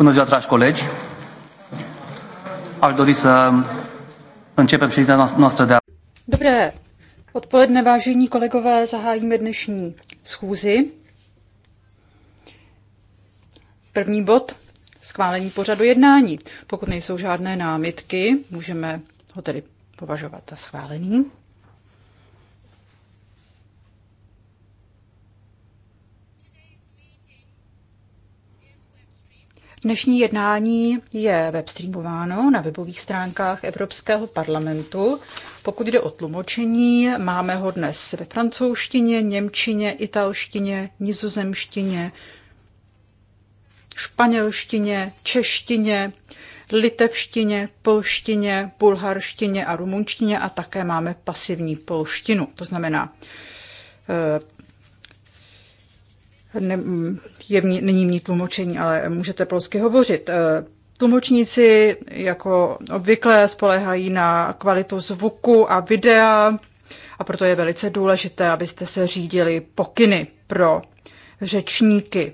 Bună ziua, dragi colegi! Aș dori să începem ședința noastră de azi. Dobré odpoledne, vážení kolegové, zahájíme dnešní schůzi. První bod, schválení pořadu jednání. Pokud nejsou žádné námitky, můžeme ho tedy považovat za schválený. Dnešní jednání je webstreamováno na webových stránkách Evropského parlamentu. Pokud jde o tlumočení, máme ho dnes ve francouzštině, němčině, italštině, nizozemštině, španělštině, češtině, litevštině, polštině, bulharštině a rumunštině a také máme pasivní polštinu. To znamená, ne, je, není mít tlumočení, ale můžete polsky hovořit. Eh, tlumočníci jako obvykle spolehají na kvalitu zvuku a videa a proto je velice důležité, abyste se řídili pokyny pro řečníky.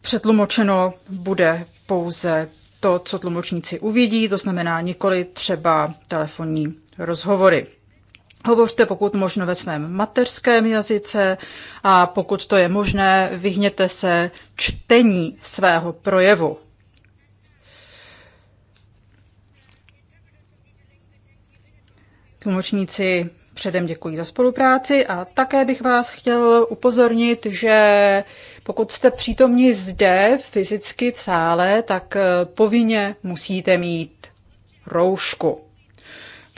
Přetlumočeno bude pouze to, co tlumočníci uvidí, to znamená nikoli třeba telefonní rozhovory. Hovořte pokud možno ve svém mateřském jazyce a pokud to je možné, vyhněte se čtení svého projevu. Tlumočníci předem děkuji za spolupráci a také bych vás chtěl upozornit, že pokud jste přítomni zde fyzicky v sále, tak povinně musíte mít roušku.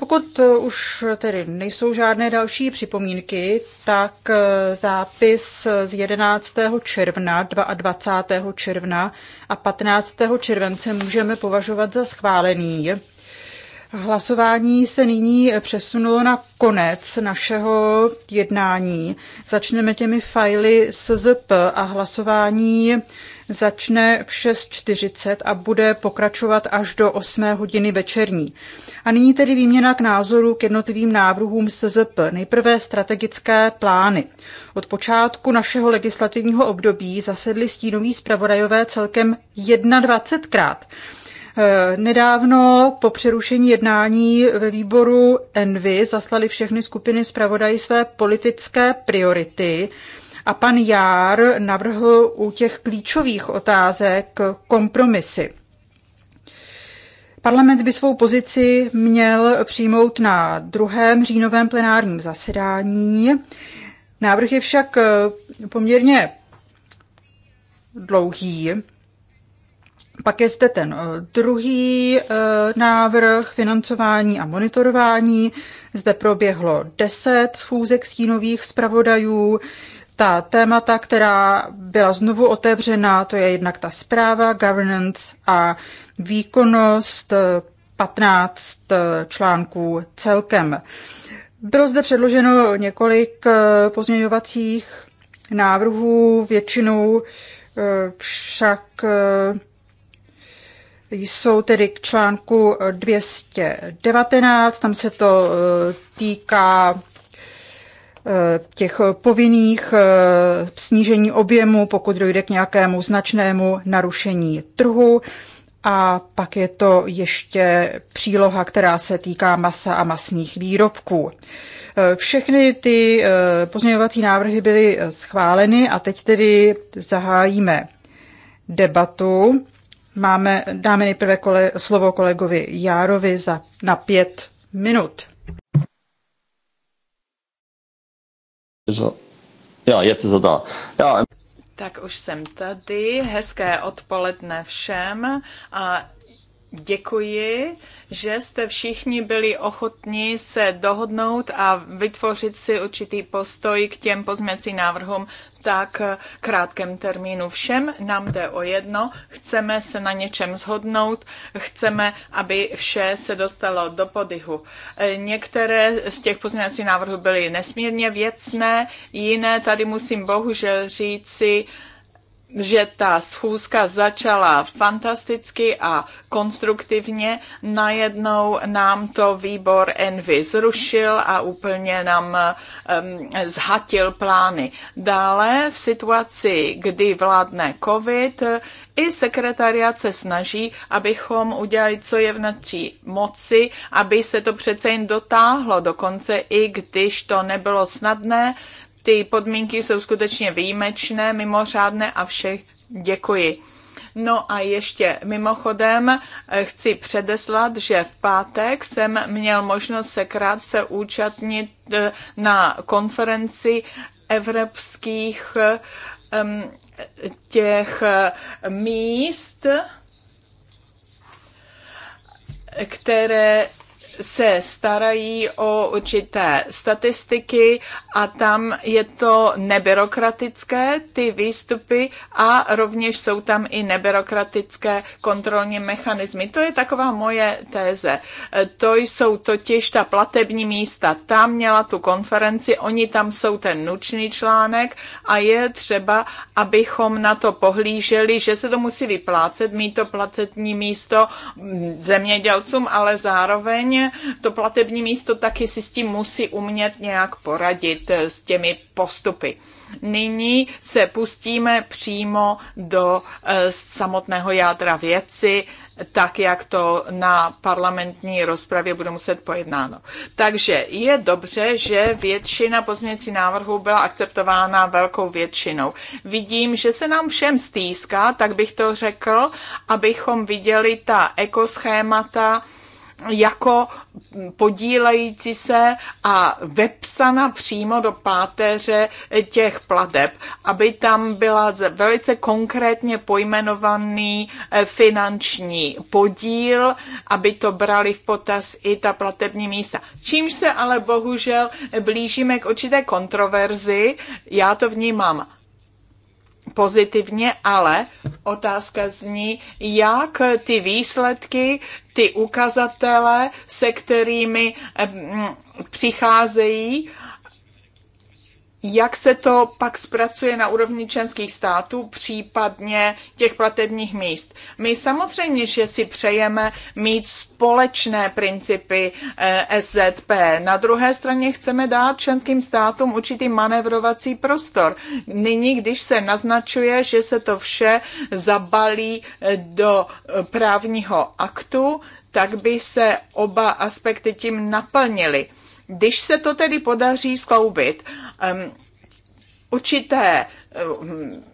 Pokud eh, už tedy nejsou žádné další připomínky, tak eh, zápis eh, z 11. června, 22. června a 15. července můžeme považovat za schválený. Hlasování se nyní přesunulo na konec našeho jednání. Začneme těmi fajly SZP a hlasování začne v 6.40 a bude pokračovat až do 8 hodiny večerní. A nyní tedy výměna k názoru k jednotlivým návrhům SZP. Nejprve strategické plány. Od počátku našeho legislativního období zasedli stínoví zpravodajové celkem 21krát. Eh, nedávno po přerušení jednání ve výboru Envy zaslali všechny skupiny zpravodají své politické priority a pan Jár navrhl u těch klíčových otázek kompromisy. Parlament by svou pozici měl přijmout na druhém říjnovém plenárním zasedání. Návrh je však eh, poměrně dlouhý. Pak je zde ten eh, druhý eh, návrh financování a monitorování. Zde proběhlo deset schůzek stínových zpravodajů. Ta témata, která byla znovu otevřena, to je jednak ta zpráva, governance a výkonnost 15 eh, článků celkem. Bylo zde předloženo několik pozměňovacích návrhů, většinou však jsou tedy k článku 219, tam se to eh, týká eh, těch povinných eh, snížení objemu, pokud dojde k nějakému značnému narušení trhu. A pak je to ještě příloha, která se týká masa a masných výrobků. Všechny ty pozměňovací návrhy byly schváleny a teď tedy zahájíme debatu. Máme, dáme nejprve kole, slovo kolegovi Járovi za, na pět minut. Já, je se zadá. Já. Tak už jsem tady. Hezké odpoledne všem a Děkuji, že jste všichni byli ochotní se dohodnout a vytvořit si určitý postoj k těm pozměcí návrhům tak krátkém termínu. Všem nám jde o jedno, chceme se na něčem zhodnout, chceme, aby vše se dostalo do podihu. Některé z těch pozměňovacích návrhů byly nesmírně věcné, jiné tady musím bohužel říci, že ta schůzka začala fantasticky a konstruktivně. Najednou nám to výbor Envy zrušil a úplně nám um, zhatil plány. Dále v situaci, kdy vládne COVID, i sekretariat se snaží, abychom udělali, co je v naší moci, aby se to přece jen dotáhlo, dokonce i když to nebylo snadné, ty podmínky jsou skutečně výjimečné, mimořádné a všech děkuji. No a ještě mimochodem eh, chci předeslat, že v pátek jsem měl možnost se krátce účastnit eh, na konferenci evropských těch eh, míst, které se starají o určité statistiky a tam je to nebyrokratické, ty výstupy, a rovněž jsou tam i nebyrokratické kontrolní mechanismy. To je taková moje téze. To jsou totiž ta platební místa. Tam měla tu konferenci, oni tam jsou ten nučný článek a je třeba, abychom na to pohlíželi, že se to musí vyplácet, mít to platební místo zemědělcům, ale zároveň to platební místo taky si s tím musí umět nějak poradit eh, s těmi postupy. Nyní se pustíme přímo do eh, samotného jádra věci, tak jak to na parlamentní rozpravě bude muset pojednáno. Takže je dobře, že většina pozměnící návrhů byla akceptována velkou většinou. Vidím, že se nám všem stýská, tak bych to řekl, abychom viděli ta ekoschémata, jako podílející se a vepsana přímo do páteře těch plateb, aby tam byla velice konkrétně pojmenovaný eh, finanční podíl, aby to brali v potaz i ta platební místa. Čímž se ale bohužel blížíme k určité kontroverzi, já to vnímám pozitivně, ale otázka zní, jak ty výsledky, ty ukazatele, se kterými přicházejí, jak se to pak zpracuje na úrovni členských států, případně těch platebních míst. My samozřejmě, že si přejeme mít společné principy eh, SZP. Na druhé straně chceme dát členským státům určitý manevrovací prostor. Nyní, když se naznačuje, že se to vše zabalí eh, do eh, právního aktu, tak by se oba aspekty tím naplnily když se to tedy podaří skloubit, um, určité um,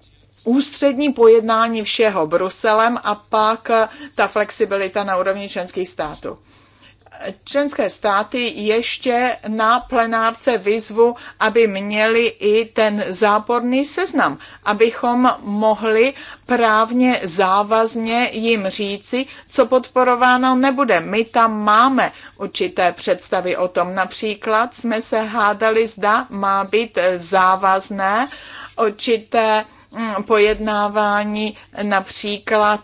ústřední pojednání všeho Bruselem a pak ta flexibilita na úrovni členských států členské státy ještě na plenárce vyzvu, aby měli i ten záporný seznam, abychom mohli právně závazně jim říci, co podporováno nebude. My tam máme určité představy o tom. Například jsme se hádali, zda má být závazné určité Mm, pojednávání například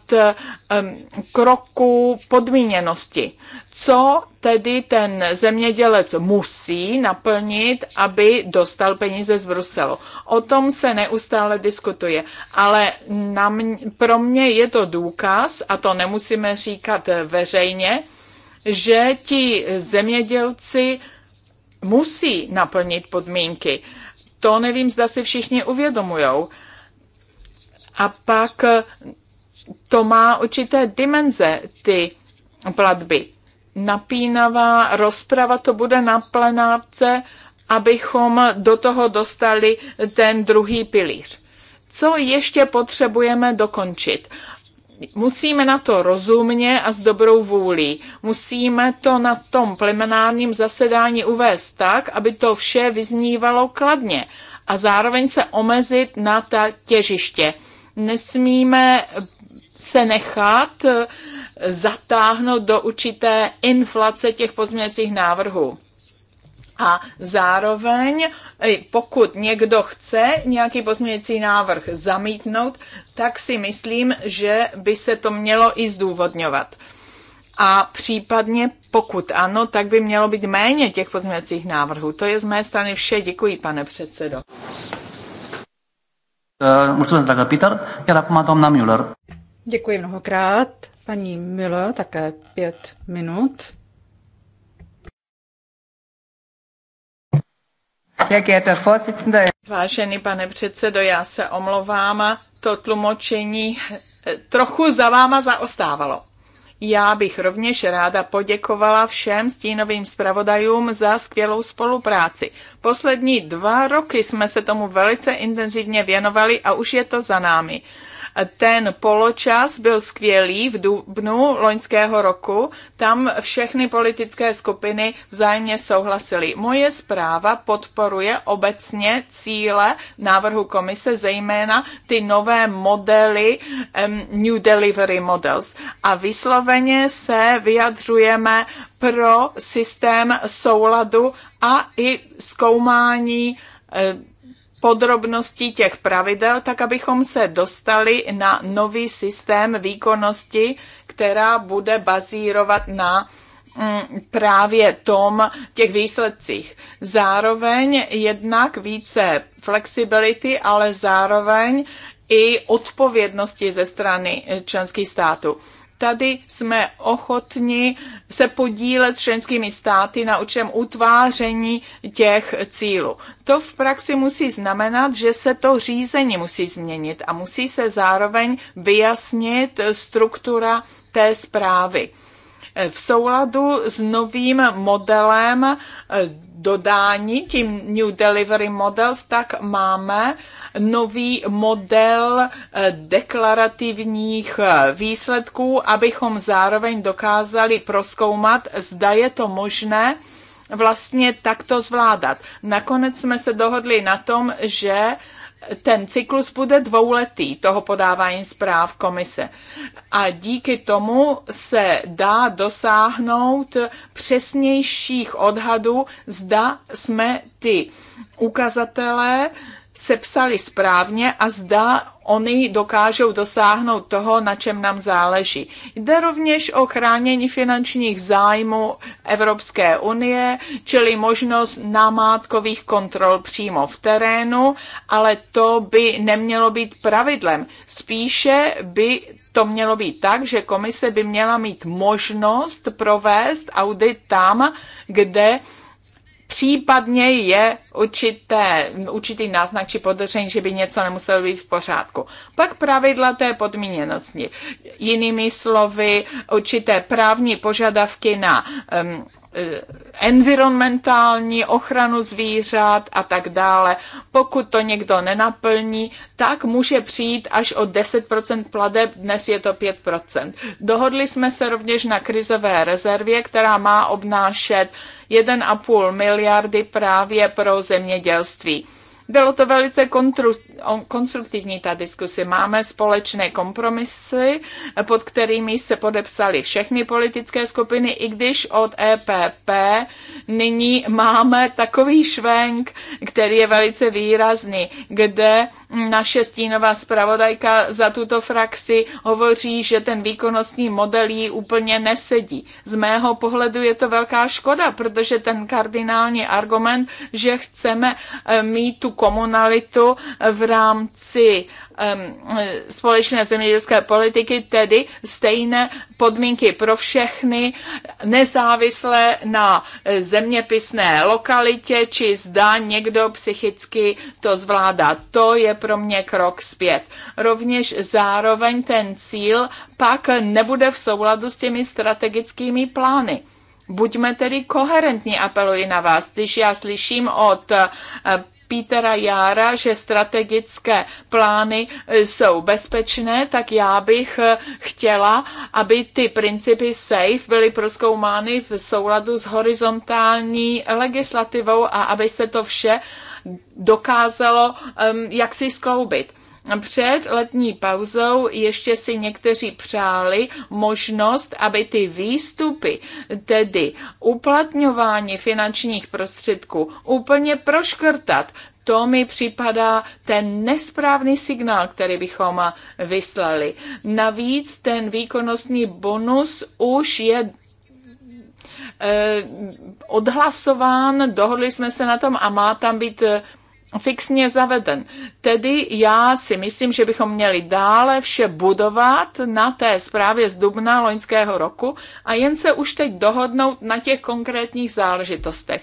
kroku podmíněnosti. Co tedy ten zemědělec musí naplnit, aby dostal peníze z Bruselu. O tom se neustále diskutuje, ale na mě, pro mě je to důkaz, a to nemusíme říkat veřejně, že ti zemědělci musí naplnit podmínky. To nevím, zda si všichni uvědomujou. A pak eh, to má určité dimenze, ty platby. Napínavá rozprava to bude na plenárce, abychom do toho dostali ten druhý pilíř. Co ještě potřebujeme dokončit? musíme na to rozumně a s dobrou vůlí. Musíme to na tom plemenárním zasedání uvést tak, aby to vše vyznívalo kladně a zároveň se omezit na ta těžiště nesmíme se nechat zatáhnout do určité inflace těch pozměňovacích návrhů. A zároveň, pokud někdo chce nějaký pozměňující návrh zamítnout, tak si myslím, že by se to mělo i zdůvodňovat. A případně, pokud ano, tak by mělo být méně těch pozměňovacích návrhů. To je z mé strany vše. Děkuji, pane předsedo. Eh, Mulțumesc, dragă Peter. Iar acum doamna Müller. Děkuji mnohokrát. Paní Müller, také pět minut. Vážený pane předsedo, já se omlouvám, to tlumočení eh, trochu za váma zaostávalo. Já bych rovněž ráda poděkovala všem stínovým zpravodajům za skvělou spolupráci. Poslední dva roky jsme se tomu velice intenzivně věnovali a už je to za námi. Ten poločas byl skvělý v dubnu loňského roku. Tam všechny politické skupiny vzájemně souhlasily. Moje zpráva podporuje obecně cíle návrhu komise, zejména ty nové modely um, New Delivery Models. A vysloveně se vyjadřujeme pro systém souladu a i zkoumání um, podrobností těch pravidel, tak abychom se dostali na nový systém výkonnosti, která bude bazírovat na mm, právě tom těch výsledcích. Zároveň jednak více flexibility, ale zároveň i odpovědnosti ze strany členských států. Tady jsme ochotni se podílet s členskými státy na určitém utváření těch cílů. To v praxi musí znamenat, že se to řízení musí změnit a musí se zároveň vyjasnit struktura té zprávy v souladu s novým modelem eh, dodání, tím New Delivery Models, tak máme nový model eh, deklarativních eh, výsledků, abychom zároveň dokázali proskoumat, zda je to možné vlastně takto zvládat. Nakonec jsme se dohodli na tom, že ten cyklus bude dvouletý toho podávání zpráv komise. A díky tomu se dá dosáhnout přesnějších odhadů, zda jsme ty ukazatele sepsali správně a zda oni dokážou dosáhnout toho, na čem nám záleží. Jde rovněž o chránění finančních zájmů Evropské unie, čili možnost namátkových kontrol přímo v terénu, ale to by nemělo být pravidlem. Spíše by to mělo být tak, že komise by měla mít možnost provést audit tam, kde případně je určité, určitý náznak či podezření, že by něco nemuselo být v pořádku. Pak pravidla té podmíněnosti. Jinými slovy, určité právní požadavky na um, environmentální ochranu zvířat a tak dále. Pokud to někdo nenaplní, tak může přijít až o 10% pladeb, dnes je to 5%. Dohodli jsme se rovněž na krizové rezervě, která má obnášet 1,5 miliardy právě pro zemědělství. Bylo to velice konstruktivní ta diskuse. Máme společné kompromisy, pod kterými se podepsali všechny politické skupiny, i když od EPP nyní máme takový švenk, který je velice výrazný, kde naše stínová zpravodajka za tuto frakci hovoří, že ten výkonnostní model jí úplně nesedí. Z mého pohledu je to velká škoda, protože ten kardinální argument, že chceme eh, mít tu komunalitu v rámci uh, společné zemědělské politiky, tedy stejné podmínky pro všechny, nezávisle na zeměpisné lokalitě, či zda někdo psychicky to zvládá. To je pro mě krok zpět. Rovněž zároveň ten cíl pak nebude v souladu s těmi strategickými plány Buďme tedy koherentní, apeluji na vás. Když já slyším od eh, Petera Jára, že strategické plány eh, jsou bezpečné, tak já bych eh, chtěla, aby ty principy SAFE byly proskoumány v souladu s horizontální legislativou a aby se to vše dokázalo um, jaksi skloubit. Před letní pauzou ještě si někteří přáli možnost, aby ty výstupy, tedy uplatňování finančních prostředků, úplně proškrtat. To mi připadá ten nesprávný signál, který bychom vyslali. Navíc ten výkonnostní bonus už je eh, odhlasován, dohodli jsme se na tom a má tam být eh, fixně zaveden. Tedy já si myslím, že bychom měli dále vše budovat na té zprávě z dubna loňského roku a jen se už teď dohodnout na těch konkrétních záležitostech.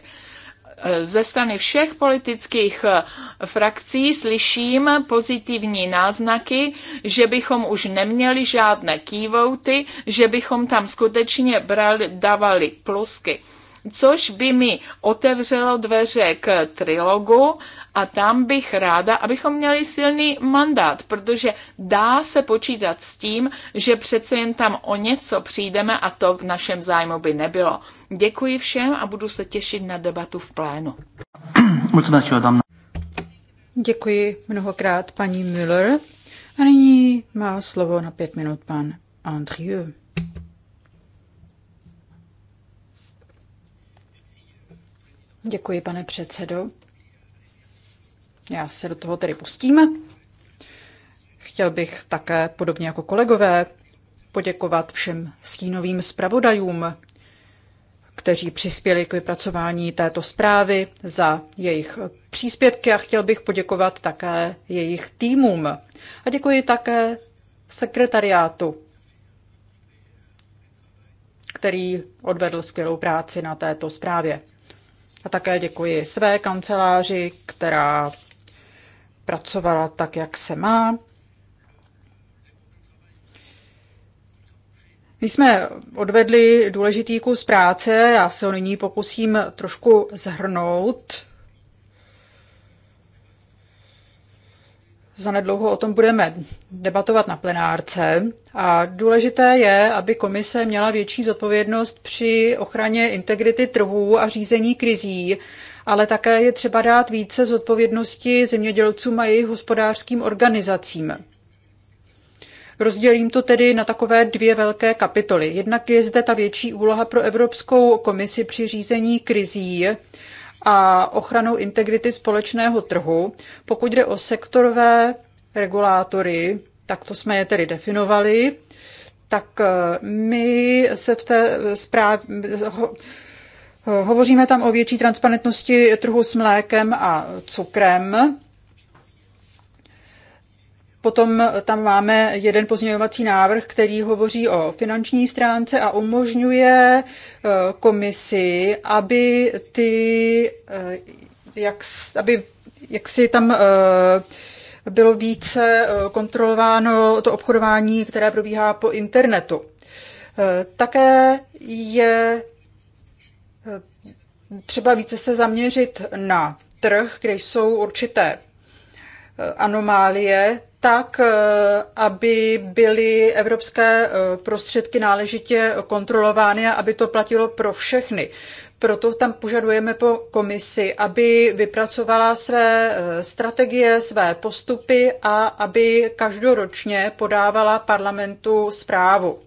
Ze strany všech politických eh, frakcí slyším pozitivní náznaky, že bychom už neměli žádné kývouty, že bychom tam skutečně brali, dávali plusky což by mi otevřelo dveře k trilogu a tam bych ráda, abychom měli silný mandát, protože dá se počítat s tím, že přece jen tam o něco přijdeme a to v našem zájmu by nebylo. Děkuji všem a budu se těšit na debatu v plénu. Děkuji mnohokrát paní Müller. A nyní má slovo na pět minut pan Andrieu. Děkuji, pane předsedo. Já se do toho tedy pustím. Chtěl bych také, podobně jako kolegové, poděkovat všem stínovým zpravodajům, kteří přispěli k vypracování této zprávy za jejich příspěvky a chtěl bych poděkovat také jejich týmům. A děkuji také sekretariátu, který odvedl skvělou práci na této zprávě. A také děkuji své kanceláři, která pracovala tak, jak se má. My jsme odvedli důležitý kus práce, já se ho nyní pokusím trošku zhrnout. Zanedlouho o tom budeme debatovat na plenárce. A důležité je, aby komise měla větší zodpovědnost při ochraně integrity trhů a řízení krizí, ale také je třeba dát více zodpovědnosti zemědělcům a jejich hospodářským organizacím. Rozdělím to tedy na takové dvě velké kapitoly. Jednak je zde ta větší úloha pro Evropskou komisi při řízení krizí a ochranou integrity společného trhu. Pokud jde o sektorové regulátory, tak to jsme je tedy definovali, tak eh, my se v té zprávě Hovoříme tam o větší transparentnosti trhu s mlékem a cukrem. Potom tam máme jeden pozměňovací návrh, který hovoří o finanční stránce a umožňuje eh, komisi, aby ty, eh, jak, aby, jak si tam eh, bylo více kontrolováno to obchodování, které probíhá po internetu. Také je třeba více se zaměřit na trh, kde jsou určité eh, anomálie, tak, eh, aby byly evropské eh, prostředky náležitě kontrolovány a aby to platilo pro všechny. Proto tam požadujeme po komisi, aby vypracovala své strategie, své postupy a aby každoročně podávala parlamentu zprávu.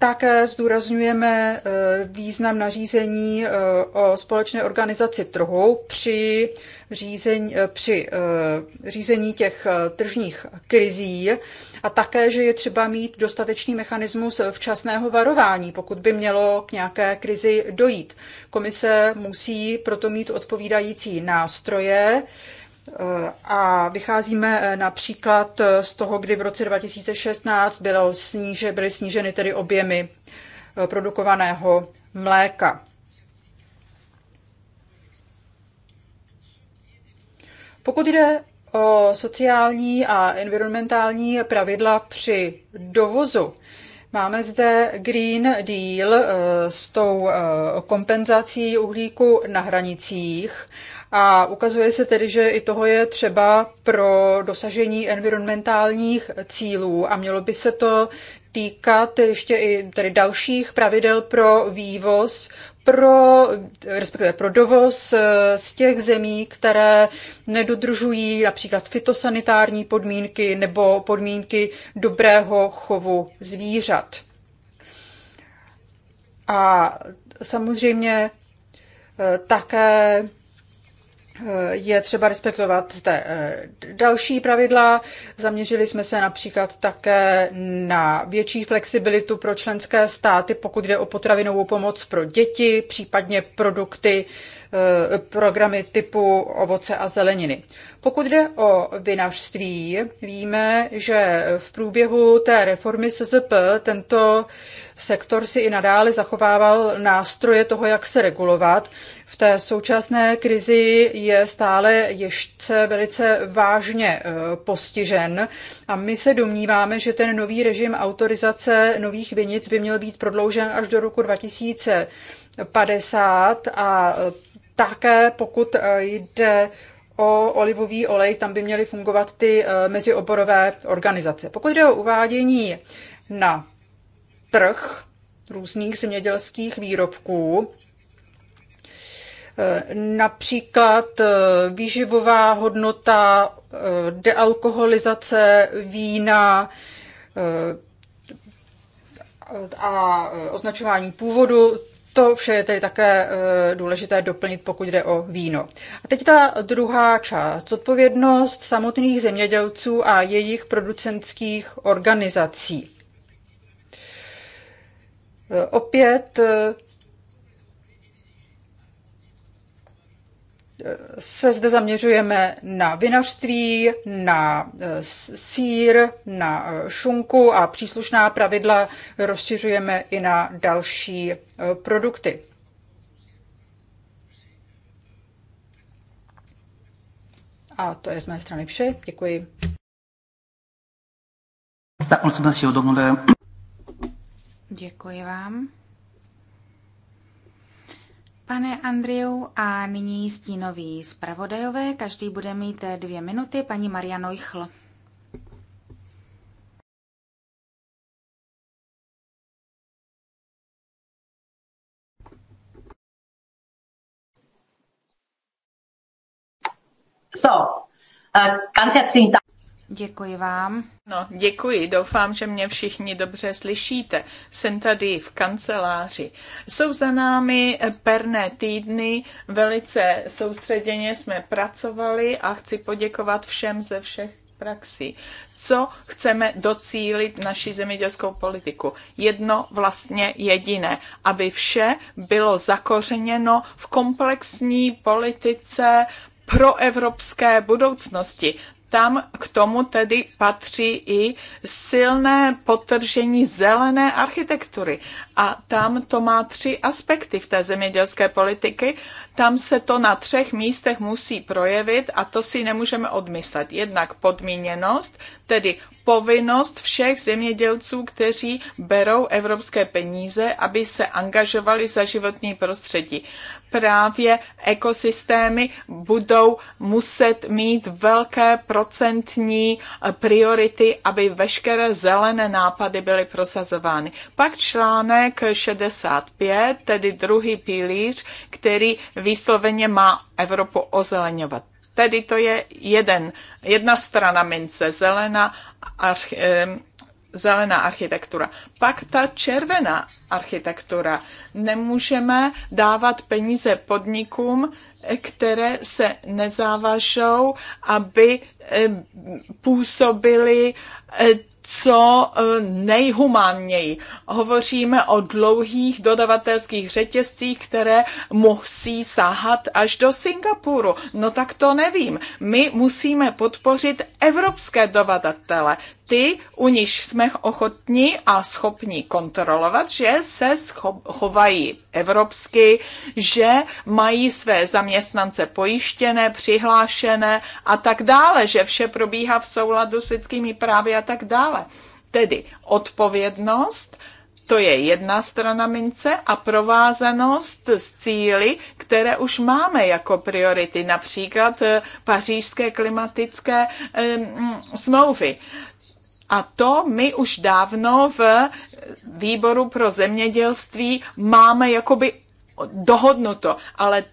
Také zdůrazňujeme eh, význam nařízení eh, o společné organizaci trhu při řízení, eh, při řízení těch tržních krizí a také, že je třeba mít dostatečný mechanismus včasného varování, pokud by mělo k nějaké krizi dojít. Komise musí proto mít odpovídající nástroje, Eh, a vycházíme eh, například eh, z toho, kdy v roce 2016 bylo sníže, byly sníženy tedy objemy produkovaného mléka. Pokud jde o sociální a environmentální pravidla při dovozu, Máme zde Green Deal s tou kompenzací uhlíku na hranicích a ukazuje se tedy, že i toho je třeba pro dosažení environmentálních cílů a mělo by se to týkat ještě i tedy dalších pravidel pro vývoz, pro, respektive pro dovoz eh, z těch zemí, které nedodržují například fitosanitární podmínky nebo podmínky dobrého chovu zvířat. A samozřejmě eh, také je třeba respektovat zde eh, další pravidla. Zaměřili jsme se například také na větší flexibilitu pro členské státy, pokud jde o potravinovou pomoc pro děti, případně produkty Eh, programy typu ovoce a zeleniny. Pokud jde o vinařství, víme, že v průběhu té reformy SZP tento sektor si i nadále zachovával nástroje toho, jak se regulovat. V té současné krizi je stále ještě velice vážně eh, postižen a my se domníváme, že ten nový režim autorizace nových vinic by měl být prodloužen až do roku 2050 a eh, také pokud eh, jde o olivový olej, tam by měly fungovat ty eh, mezioborové organizace. Pokud jde o uvádění na trh různých zemědělských výrobků, eh, například výživová hodnota, dealkoholizace vína a označování původu, to vše je tedy také eh, důležité doplnit, pokud jde o víno. A teď ta druhá část, zodpovědnost samotných zemědělců a jejich producentských organizací. Eh, opět eh, se zde zaměřujeme na vinařství, na eh, sír, na eh, šunku a příslušná pravidla rozšiřujeme i na další eh, produkty. A to je z mé strany vše. Děkuji. Děkuji vám pane Andriu, a nyní stínoví zpravodajové. Každý bude mít eh, dvě minuty. Paní Maria Neuchl. So, uh, ganz herzlichen Dank. Děkuji vám. No, děkuji. Doufám, že mě všichni dobře slyšíte. Jsem tady v kanceláři. Jsou za námi perné týdny. Velice soustředěně jsme pracovali a chci poděkovat všem ze všech praxí. Co chceme docílit naší zemědělskou politiku? Jedno vlastně jediné, aby vše bylo zakořeněno v komplexní politice pro evropské budoucnosti tam k tomu tedy patří i silné potržení zelené architektury. A tam to má tři aspekty v té zemědělské politiky. Tam se to na třech místech musí projevit a to si nemůžeme odmyslet. Jednak podmíněnost, tedy povinnost všech zemědělců, kteří berou evropské peníze, aby se angažovali za životní prostředí. Právě ekosystémy budou muset mít velké procentní priority, aby veškeré zelené nápady byly prosazovány. Pak článek článek 65, tedy druhý pilíř, který výsloveně má Evropu ozeleňovat. Tedy to je jeden, jedna strana mince, zelená, arch, zelená architektura. Pak ta červená architektura. Nemůžeme dávat peníze podnikům, které se nezávažou, aby působili eh, co e, nejhumánněji. Hovoříme o dlouhých dodavatelských řetězcích, které musí sahat až do Singapuru. No tak to nevím. My musíme podpořit evropské dodavatele ty, u nich jsme ochotní a schopni kontrolovat, že se chovají evropsky, že mají své zaměstnance pojištěné, přihlášené a tak dále, že vše probíhá v souladu s lidskými právy a tak dále. Tedy odpovědnost, to je jedna strana mince a provázanost s cíly, které už máme jako priority, například eh, pařížské klimatické um, smlouvy. A to my už dávno v výboru pro zemědělství máme jakoby dohodnuto, ale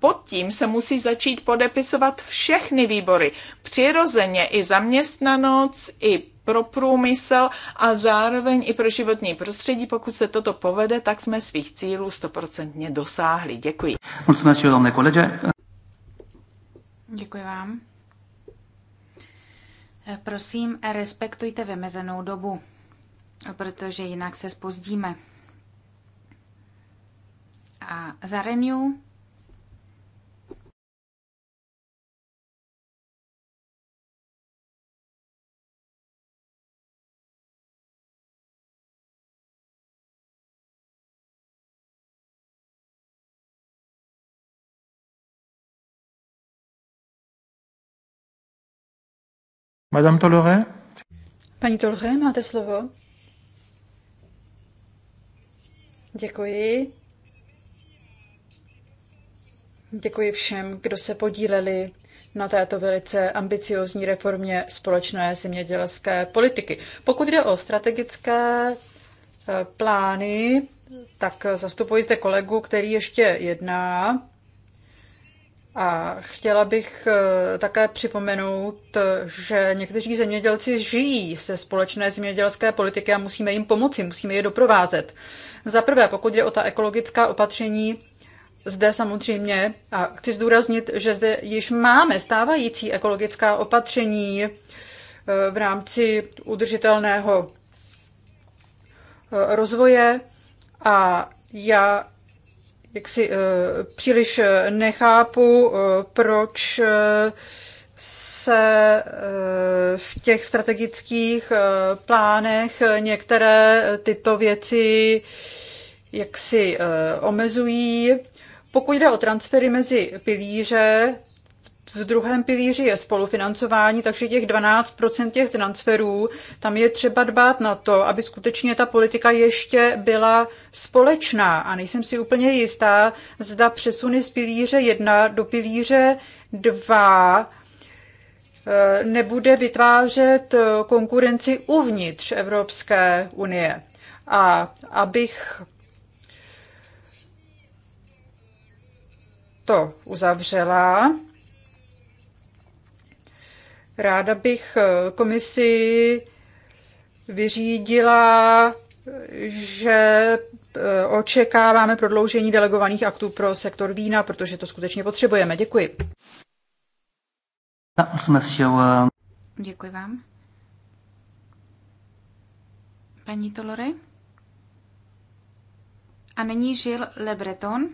pod tím se musí začít podepisovat všechny výbory. Přirozeně i zaměstnanoc, i pro průmysl a zároveň i pro životní prostředí. Pokud se toto povede, tak jsme svých cílů stoprocentně dosáhli. Děkuji. Děkuji vám. Prosím, respektujte vymezenou dobu, protože jinak se spozdíme. A za Renew Madame Toloré? Paní Toloré, máte slovo. Děkuji. Děkuji všem, kdo se podíleli na této velice ambiciozní reformě společné zemědělské politiky. Pokud jde o strategické eh, plány, tak zastupuji zde kolegu, který ještě jedná a chtěla bych eh, také připomenout, že někteří zemědělci žijí se společné zemědělské politiky a musíme jim pomoci, musíme je doprovázet. Za prvé, pokud jde o ta ekologická opatření, zde samozřejmě, a chci zdůraznit, že zde již máme stávající ekologická opatření eh, v rámci udržitelného eh, rozvoje a já jak si eh, příliš eh, nechápu, eh, proč se v těch strategických plánech některé tyto věci jaksi omezují. Pokud jde o transfery mezi pilíře, v druhém pilíři je spolufinancování, takže těch 12% těch transferů, tam je třeba dbát na to, aby skutečně ta politika ještě byla společná. A nejsem si úplně jistá, zda přesuny z pilíře 1 do pilíře 2 eh, nebude vytvářet eh, konkurenci uvnitř Evropské unie. A abych to uzavřela, Ráda bych eh, komisi vyřídila, že eh, očekáváme prodloužení delegovaných aktů pro sektor vína, protože to skutečně potřebujeme. Děkuji. No, eh, Děkuji vám. Paní Tolory? A není Žil Lebreton?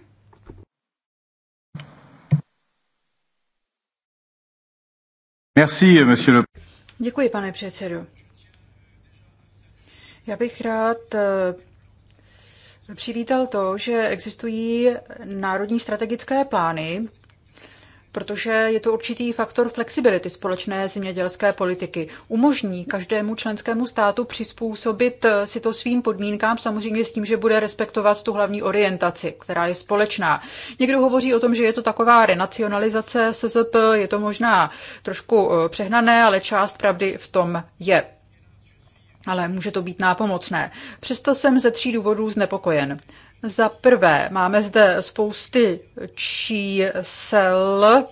Děkuji, pane předsedo. Já bych rád eh, přivítal to, že existují národní strategické plány, protože je to určitý faktor flexibility společné zemědělské politiky. Umožní každému členskému státu přizpůsobit eh, si to svým podmínkám, samozřejmě s tím, že bude respektovat tu hlavní orientaci, která je společná. Někdo hovoří o tom, že je to taková renacionalizace SZP, je to možná trošku eh, přehnané, ale část pravdy v tom je ale může to být nápomocné. Přesto jsem ze tří důvodů znepokojen. Za prvé, máme zde spousty čísel,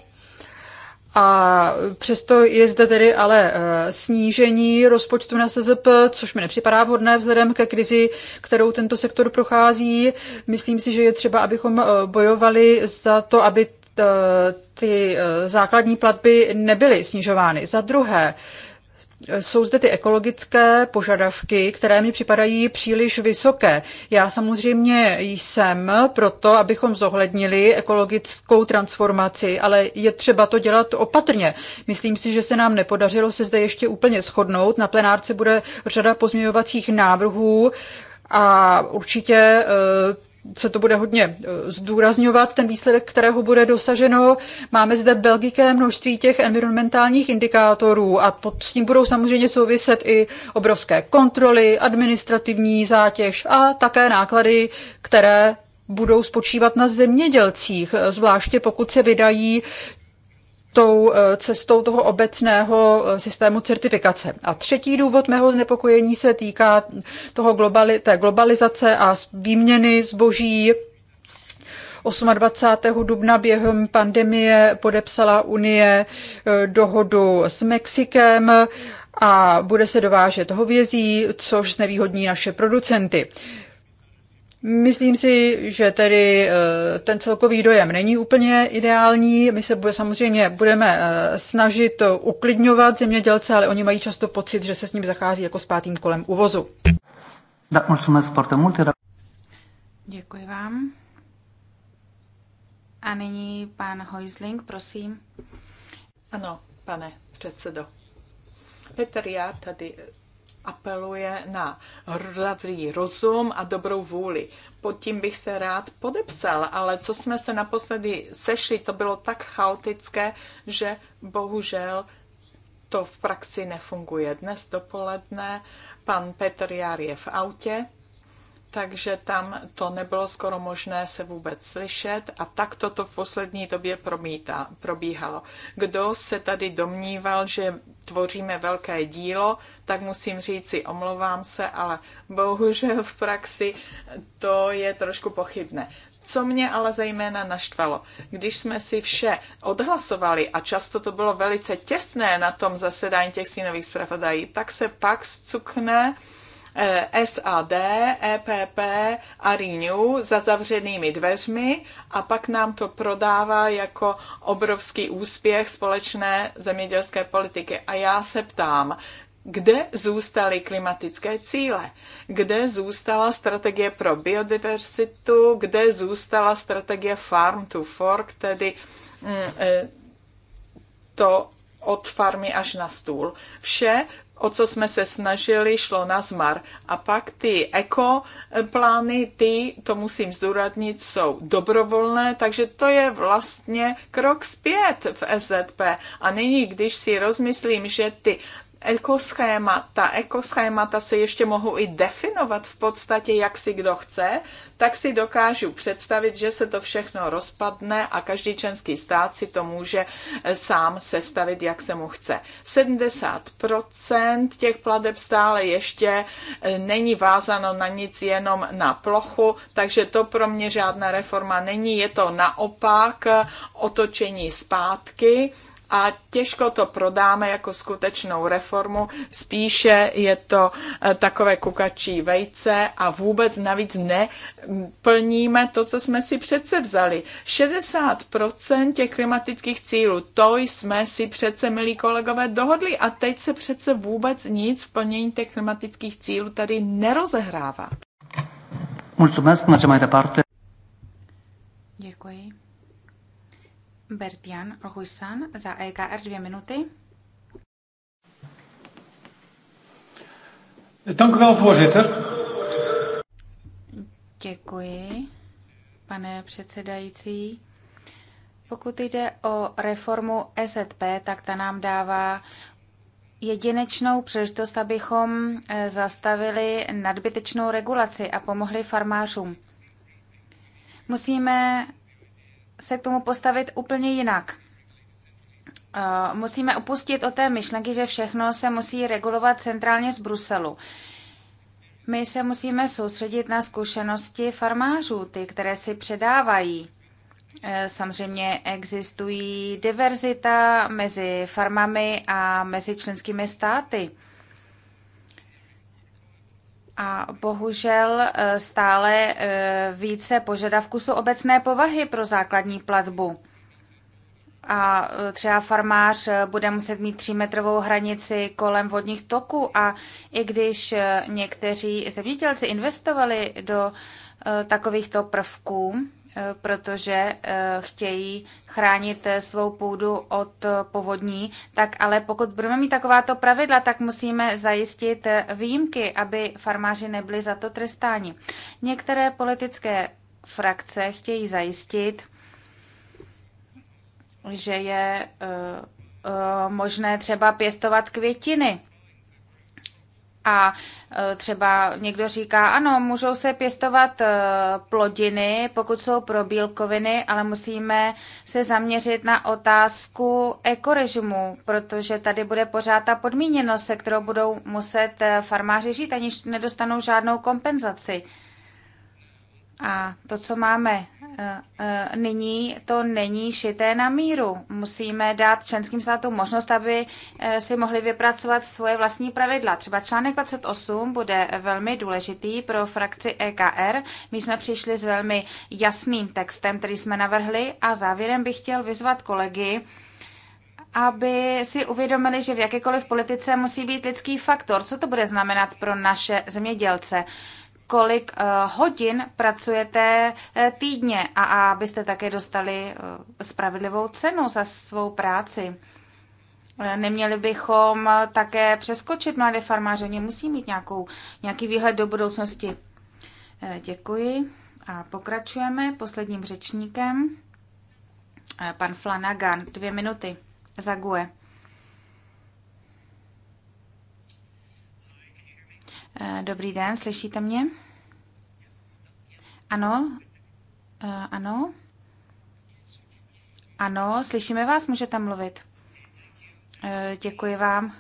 a přesto je zde tedy ale eh, snížení rozpočtu na SZP, což mi nepřipadá vhodné vzhledem ke krizi, kterou tento sektor prochází. Myslím si, že je třeba, abychom eh, bojovali za to, aby eh, ty základní platby nebyly snižovány. Za druhé, jsou zde ty ekologické požadavky, které mi připadají příliš vysoké. Já samozřejmě jsem proto, abychom zohlednili ekologickou transformaci, ale je třeba to dělat opatrně. Myslím si, že se nám nepodařilo se zde ještě úplně shodnout. Na plenárce bude řada pozměňovacích návrhů a určitě eh, se to bude hodně eh, zdůrazňovat, ten výsledek, kterého bude dosaženo. Máme zde belgické množství těch environmentálních indikátorů a pod, s tím budou samozřejmě souviset i obrovské kontroly, administrativní zátěž a také náklady, které budou spočívat na zemědělcích, eh, zvláště pokud se vydají tou eh, cestou toho obecného eh, systému certifikace. A třetí důvod mého znepokojení se týká toho globali, té globalizace a výměny zboží. 28. dubna během pandemie podepsala Unie eh, dohodu s Mexikem a bude se dovážet hovězí, což znevýhodní naše producenty. Myslím si, že tedy eh, ten celkový dojem není úplně ideální. My se bude, samozřejmě budeme eh, snažit uklidňovat zemědělce, ale oni mají často pocit, že se s ním zachází jako s pátým kolem uvozu. Děkuji vám. A nyní pan Hojzling, prosím. Ano, pane předsedo. Petr, já tady apeluje na hrdý rozum a dobrou vůli. Pod tím bych se rád podepsal, ale co jsme se naposledy sešli, to bylo tak chaotické, že bohužel to v praxi nefunguje. Dnes dopoledne pan Petr Jár je v autě, takže tam to nebylo skoro možné se vůbec slyšet a tak toto v poslední době promítá, probíhalo. Kdo se tady domníval, že tvoříme velké dílo, tak musím říct si, omlouvám se, ale bohužel v praxi to je trošku pochybné. Co mě ale zejména naštvalo, když jsme si vše odhlasovali a často to bylo velice těsné na tom zasedání těch sínových zpravodají, tak se pak zcukne Eh, SAD, EPP a Renew za zavřenými dveřmi a pak nám to prodává jako obrovský úspěch společné zemědělské politiky. A já se ptám, kde zůstaly klimatické cíle, kde zůstala strategie pro biodiversitu, kde zůstala strategie Farm to Fork, tedy mm, eh, to od farmy až na stůl. Vše o co jsme se snažili, šlo na zmar. A pak ty ekoplány, eh, ty, to musím zdůraznit, jsou dobrovolné, takže to je vlastně krok zpět v SZP. A nyní, když si rozmyslím, že ty ekoschémata. Ekoschémata se ještě mohou i definovat v podstatě, jak si kdo chce, tak si dokážu představit, že se to všechno rozpadne a každý členský stát si to může sám sestavit, jak se mu chce. 70% těch pladeb stále ještě eh, není vázano na nic, jenom na plochu, takže to pro mě žádná reforma není, je to naopak eh, otočení zpátky a těžko to prodáme jako skutečnou reformu, spíše je to eh, takové kukačí vejce a vůbec navíc neplníme to, co jsme si přece vzali. 60% těch klimatických cílů, to jsme si přece, milí kolegové, dohodli a teď se přece vůbec nic v plnění těch klimatických cílů tady nerozehrává. Děkuji. Bertian Rojsan za EKR dvě minuty. Dank u wel, voorzitter. Děkuji, pane předsedající. Pokud jde o reformu SZP, e tak ta nám dává jedinečnou příležitost, abychom eh, zastavili nadbytečnou regulaci a pomohli farmářům. Musíme se k tomu postavit úplně jinak. Eh, musíme upustit o té myšlenky, že všechno se musí regulovat centrálně z Bruselu. My se musíme soustředit na zkušenosti farmářů, ty, které si předávají. Eh, samozřejmě existují diverzita mezi farmami a mezi členskými státy. A bohužel eh, stále eh, více požadavků jsou obecné povahy pro základní platbu. A eh, třeba farmář bude muset mít třímetrovou hranici kolem vodních toků a i když někteří zemědělci investovali do takovýchto prvků, Eh, protože eh, chtějí chránit eh, svou půdu od povodní, tak ale pokud budeme mít takováto pravidla, tak musíme zajistit výjimky, aby farmáři nebyli za to trestáni. Některé politické frakce chtějí zajistit, že je možné třeba pěstovat květiny a e, třeba někdo říká, ano, můžou se pěstovat e, plodiny, pokud jsou pro bílkoviny, ale musíme se zaměřit na otázku ekorežimu, protože tady bude pořád ta podmíněnost, se kterou budou muset e, farmáři žít, aniž nedostanou žádnou kompenzaci. A to, co máme Eh, eh, nyní to není šité na míru. Musíme dát členským státům možnost, aby eh, si mohli vypracovat svoje vlastní pravidla. Třeba článek 28 bude velmi důležitý pro frakci EKR. My jsme přišli s velmi jasným textem, který jsme navrhli a závěrem bych chtěl vyzvat kolegy, aby si uvědomili, že v jakékoliv politice musí být lidský faktor. Co to bude znamenat pro naše zemědělce? kolik eh, hodin pracujete eh, týdně a abyste také dostali eh, spravedlivou cenu za svou práci. Neměli bychom také přeskočit mladé farmáře, oni musí mít nějakou, nějaký výhled do budoucnosti. Děkuji a pokračujeme posledním řečníkem. Pan Flanagan, dvě minuty. Zague. Eh, dobrý den, slyšíte mě? Ano, eh, ano. Ano, slyšíme vás, můžete mluvit. Eh, děkuji vám.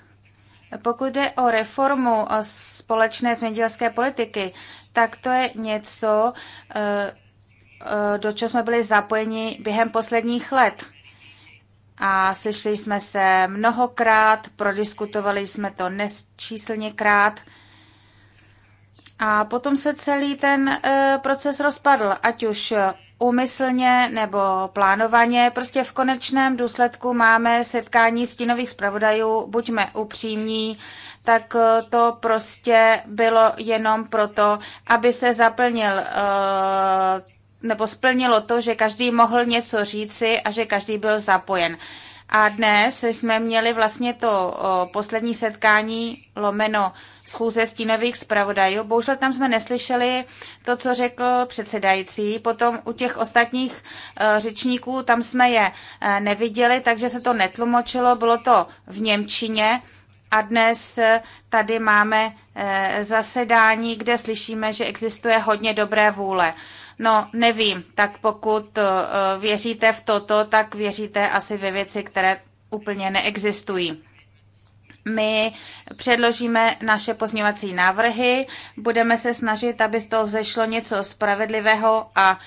Pokud jde o reformu o společné zemědělské politiky, tak to je něco, do čeho jsme byli zapojeni během posledních let. A slyšeli jsme se mnohokrát, prodiskutovali jsme to nesčíslněkrát krát a potom se celý ten e, proces rozpadl, ať už úmyslně nebo plánovaně. Prostě v konečném důsledku máme setkání stínových zpravodajů, buďme upřímní, tak e, to prostě bylo jenom proto, aby se zaplnil e, nebo splnilo to, že každý mohl něco říci a že každý byl zapojen. A dnes jsme měli vlastně to poslední setkání lomeno schůze stínových zpravodajů. Bohužel tam jsme neslyšeli to, co řekl předsedající. Potom u těch ostatních e, řečníků tam jsme je e, neviděli, takže se to netlumočilo. Bylo to v Němčině. A dnes e, tady máme zasedání, kde slyšíme, že existuje hodně dobré vůle. No, nevím, tak pokud eh, věříte v toto, tak věříte asi ve věci, které úplně neexistují. My předložíme naše pozměvací návrhy, budeme se snažit, aby z toho vzešlo něco spravedlivého a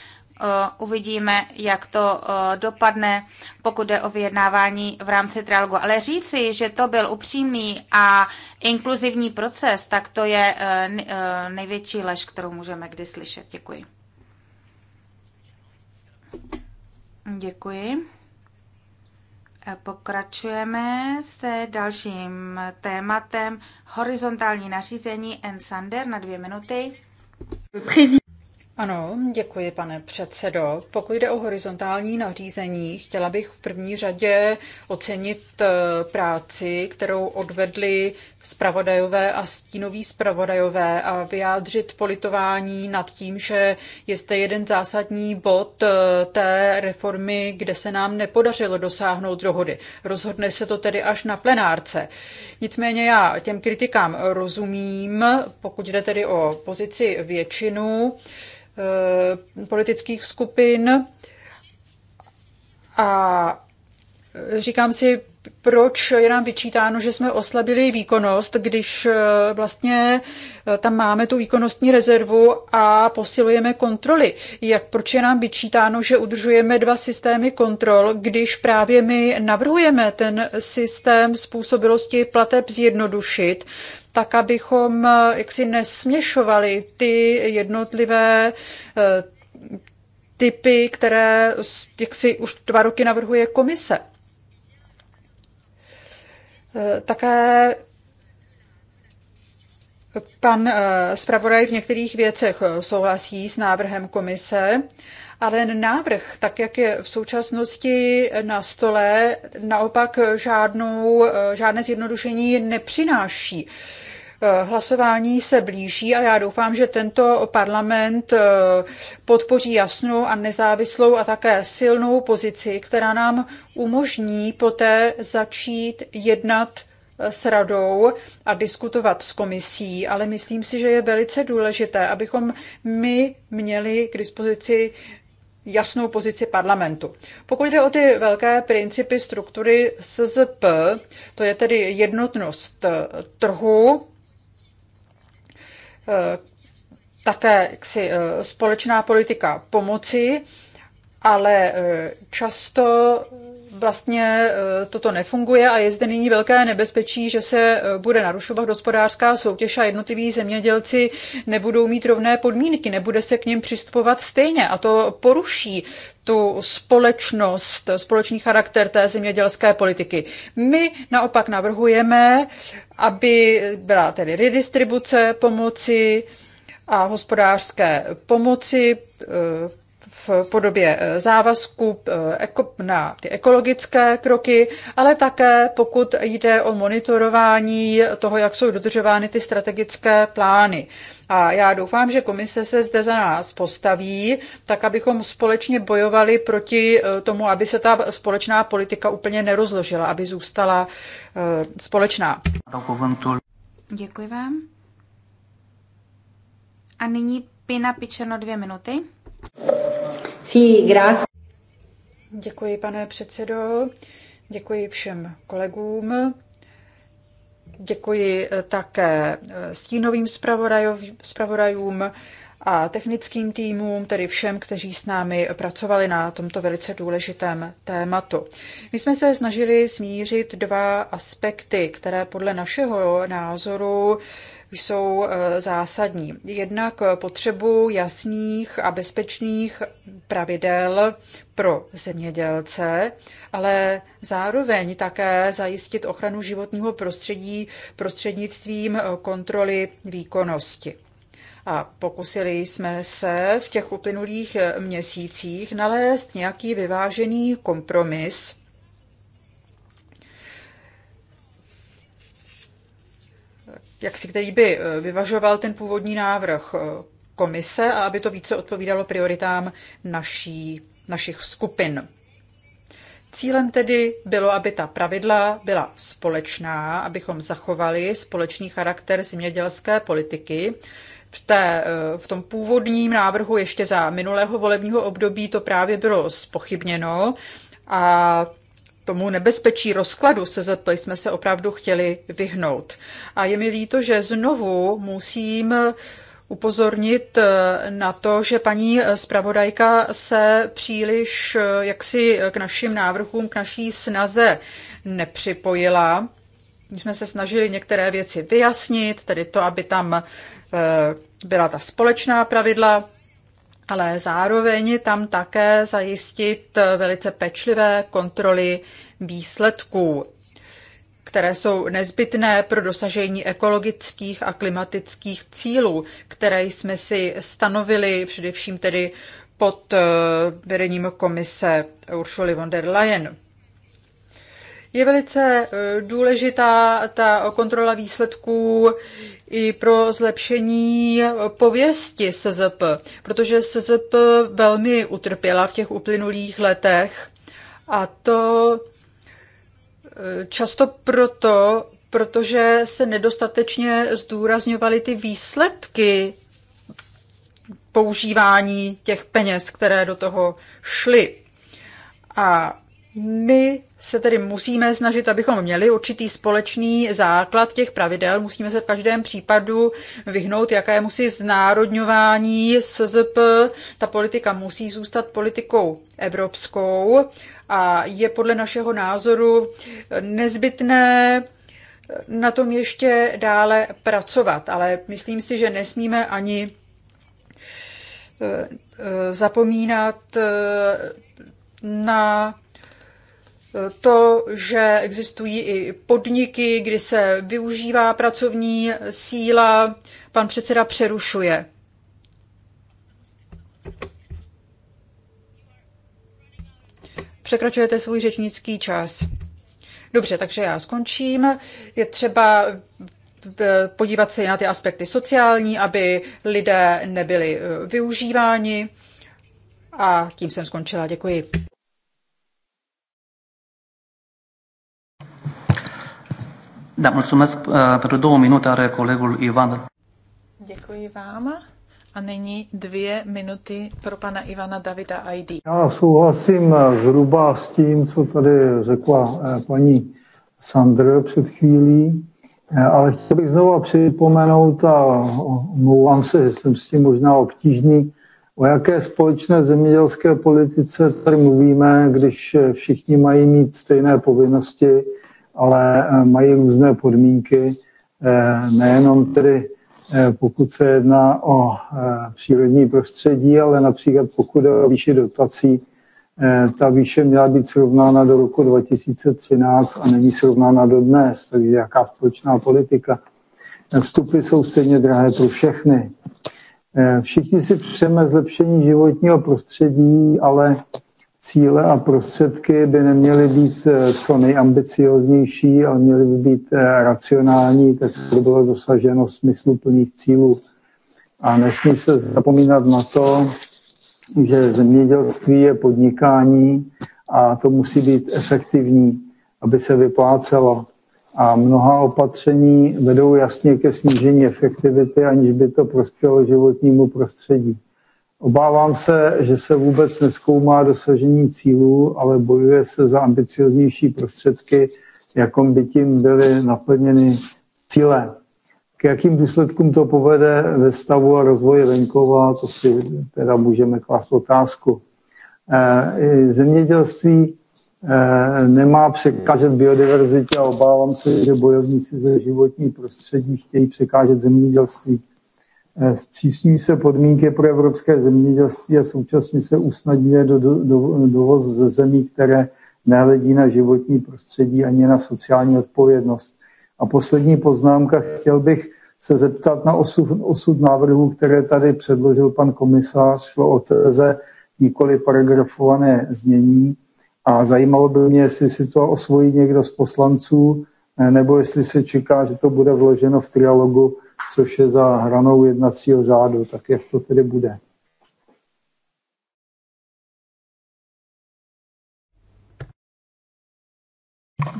eh, uvidíme, jak to eh, dopadne, pokud jde o vyjednávání v rámci trialogu. Ale říci, že to byl upřímný a inkluzivní proces, tak to je největší lež, kterou můžeme kdy slyšet. Děkuji. Děkuji. Pokračujeme se dalším tématem horizontální nařízení N. Sander na dvě minuty. Ano, děkuji, pane předsedo. Pokud jde o horizontální nařízení, chtěla bych v první řadě ocenit eh, práci, kterou odvedli spravodajové a stínoví spravodajové a vyjádřit politování nad tím, že je zde jeden zásadní bod eh, té reformy, kde se nám nepodařilo dosáhnout dohody. Rozhodne se to tedy až na plenárce. Nicméně já těm kritikám rozumím, pokud jde tedy o pozici většinu, Eh, politických skupin a říkám si, proč je nám vyčítáno, že jsme oslabili výkonnost, když eh, vlastně eh, tam máme tu výkonnostní rezervu a posilujeme kontroly. Jak, proč je nám vyčítáno, že udržujeme dva systémy kontrol, když právě my navrhujeme ten systém způsobilosti plateb zjednodušit, tak abychom eh, jaksi nesměšovali ty jednotlivé typy, které jaksi už dva roky navrhuje komise. Eh, také pan eh, zpravodaj v některých věcech eh, souhlasí s návrhem komise, ale návrh, tak jak je v současnosti na stole, naopak žádnou, žádné zjednodušení nepřináší. Eh, hlasování se blíží a já doufám, že tento parlament eh, podpoří jasnou a nezávislou a také silnou pozici, která nám umožní poté začít jednat eh, s radou a diskutovat s komisí, ale myslím si, že je velice důležité, abychom my měli k dispozici jasnou pozici parlamentu. Pokud jde o ty velké principy struktury SZP, to je tedy jednotnost trhu, Eh, také jaksi, eh, společná politika pomoci, ale eh, často vlastně eh, toto nefunguje a je zde nyní velké nebezpečí, že se eh, bude narušovat hospodářská soutěž a jednotliví zemědělci nebudou mít rovné podmínky, nebude se k ním přistupovat stejně a to poruší tu společnost, společný charakter té zemědělské politiky. My naopak navrhujeme, aby byla tedy redistribuce pomoci a hospodářské pomoci eh, v podobě eh, závazků eh, na ty ekologické kroky, ale také pokud jde o monitorování toho, jak jsou dodržovány ty strategické plány. A já doufám, že komise se zde za nás postaví, tak abychom společně bojovali proti eh, tomu, aby se ta společná politika úplně nerozložila, aby zůstala společná. Děkuji vám. A nyní Pina pičeno dvě minuty. Děkuji, pane předsedo. Děkuji všem kolegům. Děkuji eh, také eh, stínovým zpravodajům a technickým týmům, tedy všem, kteří s námi pracovali na tomto velice důležitém tématu. My jsme se snažili smířit dva aspekty, které podle našeho názoru jsou eh, zásadní. Jednak eh, potřebu jasných a bezpečných pravidel pro zemědělce, ale zároveň také zajistit ochranu životního prostředí prostřednictvím eh, kontroly výkonnosti. A pokusili jsme se v těch uplynulých měsících nalézt nějaký vyvážený kompromis, jak si který by eh, vyvažoval ten původní návrh eh, komise a aby to více odpovídalo prioritám naší, našich skupin. Cílem tedy bylo, aby ta pravidla byla společná, abychom zachovali společný charakter zemědělské politiky. V, té, eh, v tom původním návrhu ještě za minulého volebního období to právě bylo spochybněno a tomu nebezpečí rozkladu SZP jsme se opravdu chtěli vyhnout. A je mi líto, že znovu musím upozornit eh, na to, že paní eh, zpravodajka se příliš eh, jaksi k našim návrhům, k naší snaze nepřipojila. My jsme se snažili některé věci vyjasnit, tedy to, aby tam byla ta společná pravidla ale zároveň tam také zajistit velice pečlivé kontroly výsledků, které jsou nezbytné pro dosažení ekologických a klimatických cílů, které jsme si stanovili především tedy pod eh, vedením komise Ursuly von der Leyen. Je velice eh, důležitá ta kontrola výsledků, i pro zlepšení pověsti SZP, protože SZP velmi utrpěla v těch uplynulých letech a to eh, často proto, protože se nedostatečně zdůrazňovaly ty výsledky používání těch peněz, které do toho šly. A my se tedy musíme snažit, abychom měli určitý společný základ těch pravidel. Musíme se v každém případu vyhnout jakému si znárodňování SZP. Ta politika musí zůstat politikou evropskou a je podle našeho názoru nezbytné na tom ještě dále pracovat, ale myslím si, že nesmíme ani eh, eh, zapomínat eh, na to, že existují i podniky, kdy se využívá pracovní síla. Pan předseda přerušuje. Překračujete svůj řečnický čas. Dobře, takže já skončím. Je třeba eh, podívat se i na ty aspekty sociální, aby lidé nebyli eh, využíváni. A tím jsem skončila. Děkuji. Da, mulțumesc. Uh, pro două minute are colegul Ivan. Děkuji vám. A nyní dvě minuty pro pana Ivana Davida ID. Já souhlasím eh, zhruba s tím, co tady řekla eh, paní Sandra před chvílí, eh, ale chtěl bych znovu připomenout a omlouvám se, že jsem s tím možná obtížný, o jaké společné zemědělské politice tady mluvíme, když všichni mají mít stejné povinnosti, ale eh, mají různé podmínky, eh, nejenom tedy eh, pokud se jedná o přírodní prostředí, ale například pokud o výši dotací, ta výše měla být srovnána do roku 2013 a není srovnána do dnes, takže jaká společná politika. Vstupy jsou stejně drahé pro všechny. Všichni si přejeme zlepšení životního prostředí, ale cíle a prostředky by neměly být eh, co nejambicioznější, ale měly by být eh, racionální, tak by bylo dosaženo plných cílů. A nesmí se zapomínat na to, že zemědělství je podnikání a to musí být efektivní, aby se vyplácelo. A mnoha opatření vedou jasně ke snížení efektivity, aniž by to prospělo životnímu prostředí. Obávám se, že se vůbec neskoumá dosažení cílů, ale bojuje se za ambicioznější prostředky, jakom by tím byly naplněny cíle. K jakým důsledkům to povede ve stavu a rozvoji venkova, to si teda můžeme klást otázku. Eh, zemědělství eh, nemá překážet biodiverzitě a obávám se, že bojovníci ze životní prostředí chtějí překážet zemědělství. Eh, zpřísňují se podmínky pro evropské zemědělství a současně se usnadňuje do, do, do, dovoz ze zemí, které nehledí na životní prostředí ani na sociální odpovědnost. A poslední poznámka, chtěl bych se zeptat na osud, osud návrhů, které tady předložil pan komisář, šlo o teze nikoli paragrafované znění. A zajímalo by mě, jestli si to osvojí někdo z poslanců, eh, nebo jestli se čeká, že to bude vloženo v trialogu což je za hranou jednacího řádu, tak jak to tedy bude?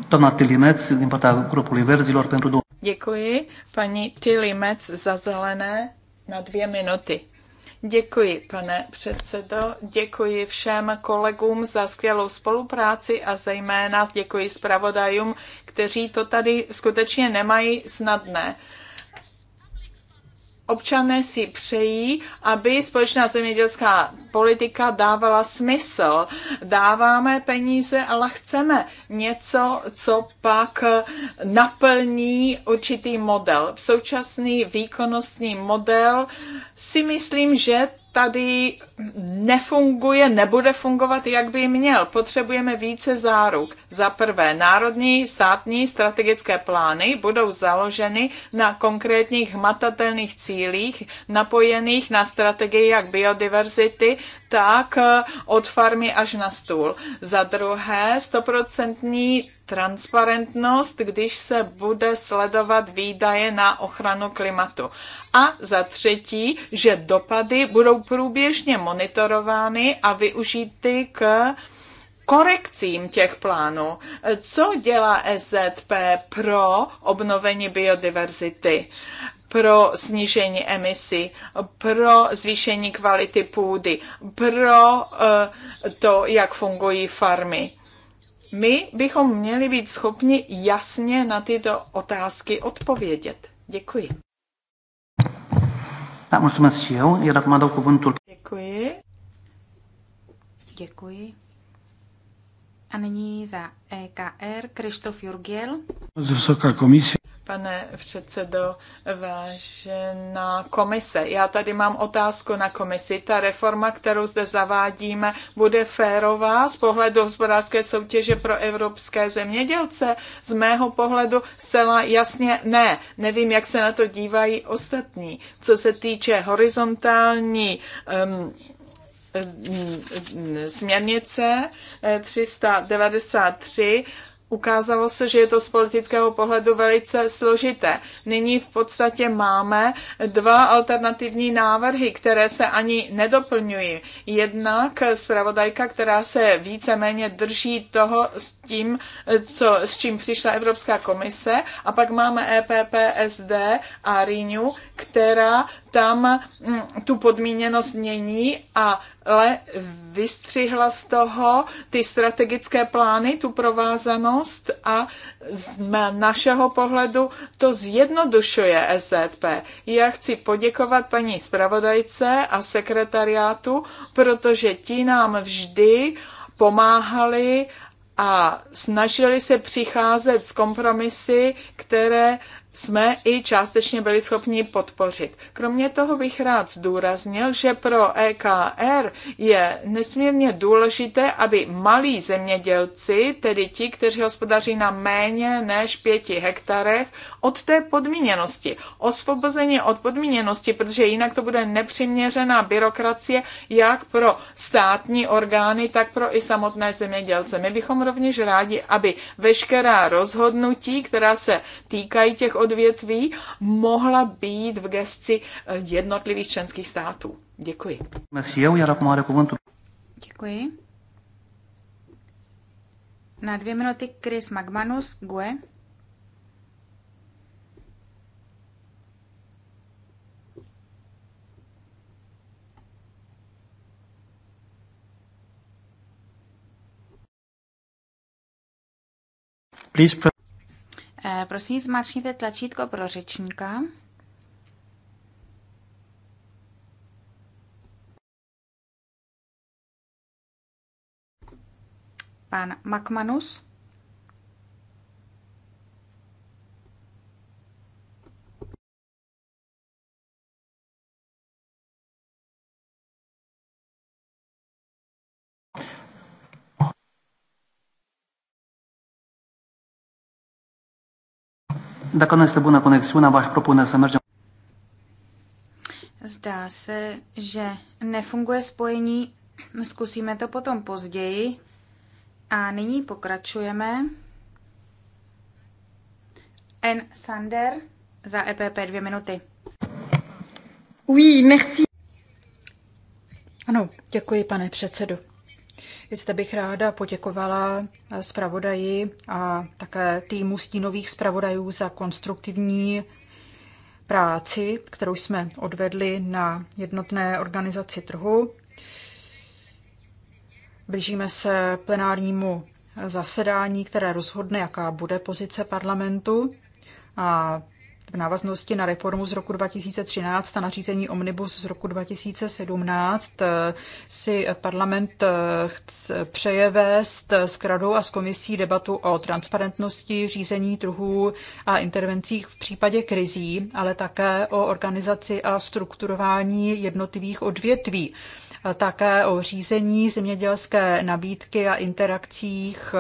Doamna Tilimeț, din partea grupului Verzilor, pentru două. Děkuji, paní Tilimec za zelené na dvě minuty. Děkuji, pane předsedo, děkuji všem kolegům za skvělou spolupráci a zejména děkuji zpravodajům, kteří to tady skutečně nemají snadné občané si přejí, aby společná zemědělská politika dávala smysl. Dáváme peníze, ale chceme něco, co pak naplní určitý model. V současný výkonnostní model si myslím, že tady nefunguje, nebude fungovat, jak by měl. Potřebujeme více záruk. Za prvé, národní státní strategické plány budou založeny na konkrétních hmatatelných cílích, napojených na strategii jak biodiverzity, tak eh, od farmy až na stůl. Za druhé, stoprocentní transparentnost, když se bude sledovat výdaje na ochranu klimatu. A za třetí, že dopady budou průběžně monitorovány a využity k korekcím těch plánů. Co dělá SZP pro obnovení biodiverzity? pro snížení emisí, pro zvýšení kvality půdy, pro eh, to, jak fungují farmy. My bychom měli být schopni jasně na tyto otázky odpovědět. Děkuji. mulțumesc și eu. Iar acum dau cuvântul. Děkuji. Děkuji. A nyní za EKR Krištof Jurgiel. Vysoká komise. Pane předsedo, vážená komise, já tady mám otázku na komisi. Ta reforma, kterou zde zavádíme, bude férová z pohledu hospodářské soutěže pro evropské zemědělce? Z mého pohledu zcela jasně ne. Nevím, jak se na to dívají ostatní. Co se týče horizontální um, směrnice 393 eh, ukázalo se, že je to z politického pohledu velice složité. Nyní v podstatě máme dva alternativní návrhy, které se ani nedoplňují. Jednak zpravodajka, která se víceméně drží toho s tím, co, s čím přišla Evropská komise a pak máme EPPSD a RINU, která tam mm, tu podmíněnost mění, ale vystřihla z toho ty strategické plány, tu provázanost a z našeho pohledu to zjednodušuje SZP. Já chci poděkovat paní zpravodajce a sekretariátu, protože ti nám vždy pomáhali a snažili se přicházet s kompromisy, které jsme i částečně byli schopni podpořit. Kromě toho bych rád zdůraznil, že pro EKR je nesmírně důležité, aby malí zemědělci, tedy ti, kteří hospodaří na méně než pěti hektarech, od té podmíněnosti. Osvobození od podmíněnosti, protože jinak to bude nepřiměřená byrokracie jak pro státní orgány, tak pro i samotné zemědělce. My bychom rovněž rádi, aby veškerá rozhodnutí, která se týkají těch odvětví, mohla být v gesci eh, jednotlivých členských států. Děkuji. Děkuji. Na dvě minuty Chris Magmanus, GUE. Please pre- eh, Prosím, zmáčkněte tlačítko pro řečníka. Pan Makmanus. Dacă nu este bună conexiunea, v-aș propune să mergem. Zdá se, že nefunguje spojení. Zkusíme to potom později. A nyní pokračujeme. N. Sander za EPP dvě minuty. Oui, merci. Ano, děkuji, pane předsedo. Zde bych ráda poděkovala zpravodaji a také týmu stínových zpravodajů za konstruktivní práci, kterou jsme odvedli na jednotné organizaci trhu. Blížíme se plenárnímu zasedání, které rozhodne, jaká bude pozice parlamentu. A v návaznosti na reformu z roku 2013 a nařízení Omnibus z roku 2017 eh, si parlament eh, chce přejevést eh, s Kradou a s komisí debatu o transparentnosti řízení trhů a intervencích v případě krizí, ale také o organizaci a strukturování jednotlivých odvětví také o řízení zemědělské nabídky a interakcích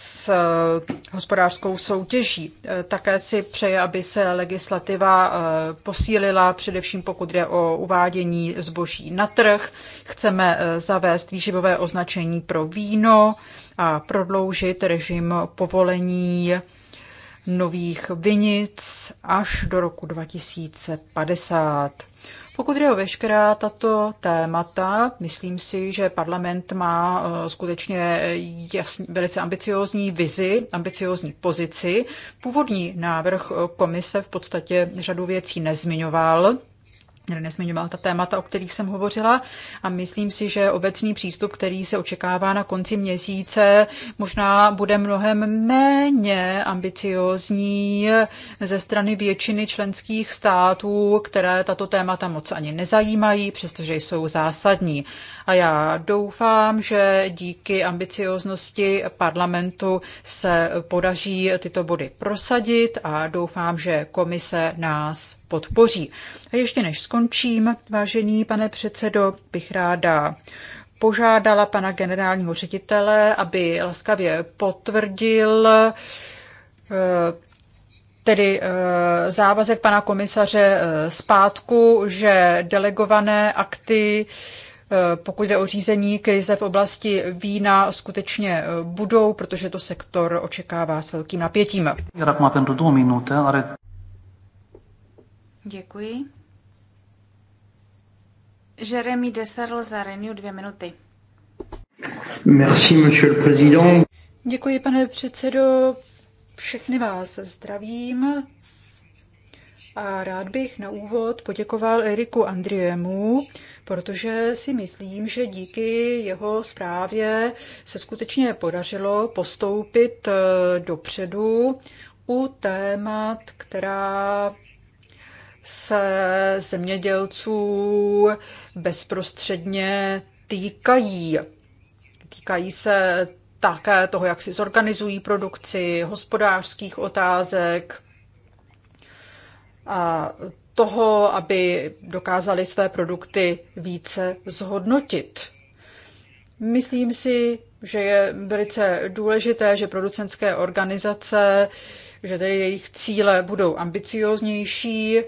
s eh, hospodářskou soutěží. Eh, také si přeje, aby se legislativa eh, posílila, především pokud jde o uvádění zboží na trh. Chceme zavést výživové označení pro víno a prodloužit režim povolení nových vinic až do roku 2050. Pokud jde o veškerá tato témata, myslím si, že parlament má eh, skutečně jasný, velice ambiciózní vizi, ambiciózní pozici. Původní návrh eh, komise v podstatě řadu věcí nezmiňoval, nezmiňoval ta témata, o kterých jsem hovořila a myslím si, že obecný přístup, který se očekává na konci měsíce, možná bude mnohem méně ambiciozní ze strany většiny členských států, které tato témata moc ani nezajímají, přestože jsou zásadní. A já doufám, že díky ambicioznosti parlamentu se podaří tyto body prosadit a doufám, že komise nás podpoří. A ještě než skončím, vážený pane předsedo, bych ráda požádala pana generálního ředitele, aby laskavě potvrdil eh, tedy eh, závazek pana komisaře eh, zpátku, že delegované akty, pokud jde o řízení krize v oblasti vína, skutečně budou, protože to sektor očekává s velkým napětím. Děkuji. Jeremy Desarl za Renew dvě minuty. Merci, monsieur le président. Děkuji, pane předsedo. Všechny vás zdravím. A rád bych na úvod poděkoval Eriku Andriemu, protože si myslím, že díky jeho zprávě se skutečně podařilo postoupit eh, dopředu u témat, která se zemědělců bezprostředně týkají. Týkají se také toho, jak si zorganizují produkci, hospodářských otázek a toho, aby dokázali své produkty více zhodnotit. Myslím si, že je velice důležité, že producentské organizace, že tedy jejich cíle budou ambicioznější,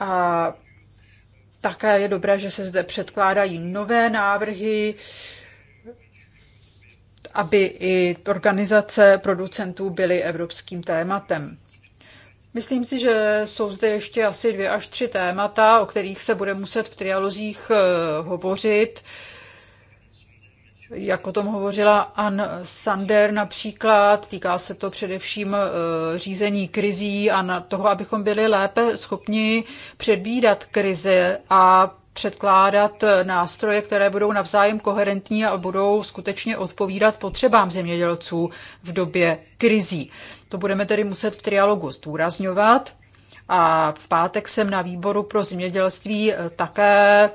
a také je dobré, že se zde předkládají nové návrhy, aby i organizace producentů byly evropským tématem. Myslím si, že jsou zde ještě asi dvě až tři témata, o kterých se bude muset v trialozích eh, hovořit. Jak o tom hovořila Ann Sander například, týká se to především e, řízení krizí a na toho, abychom byli lépe schopni předvídat krize a předkládat e, nástroje, které budou navzájem koherentní a budou skutečně odpovídat potřebám zemědělců v době krizí. To budeme tedy muset v trialogu zdůrazňovat. A v pátek jsem na výboru pro zemědělství e, také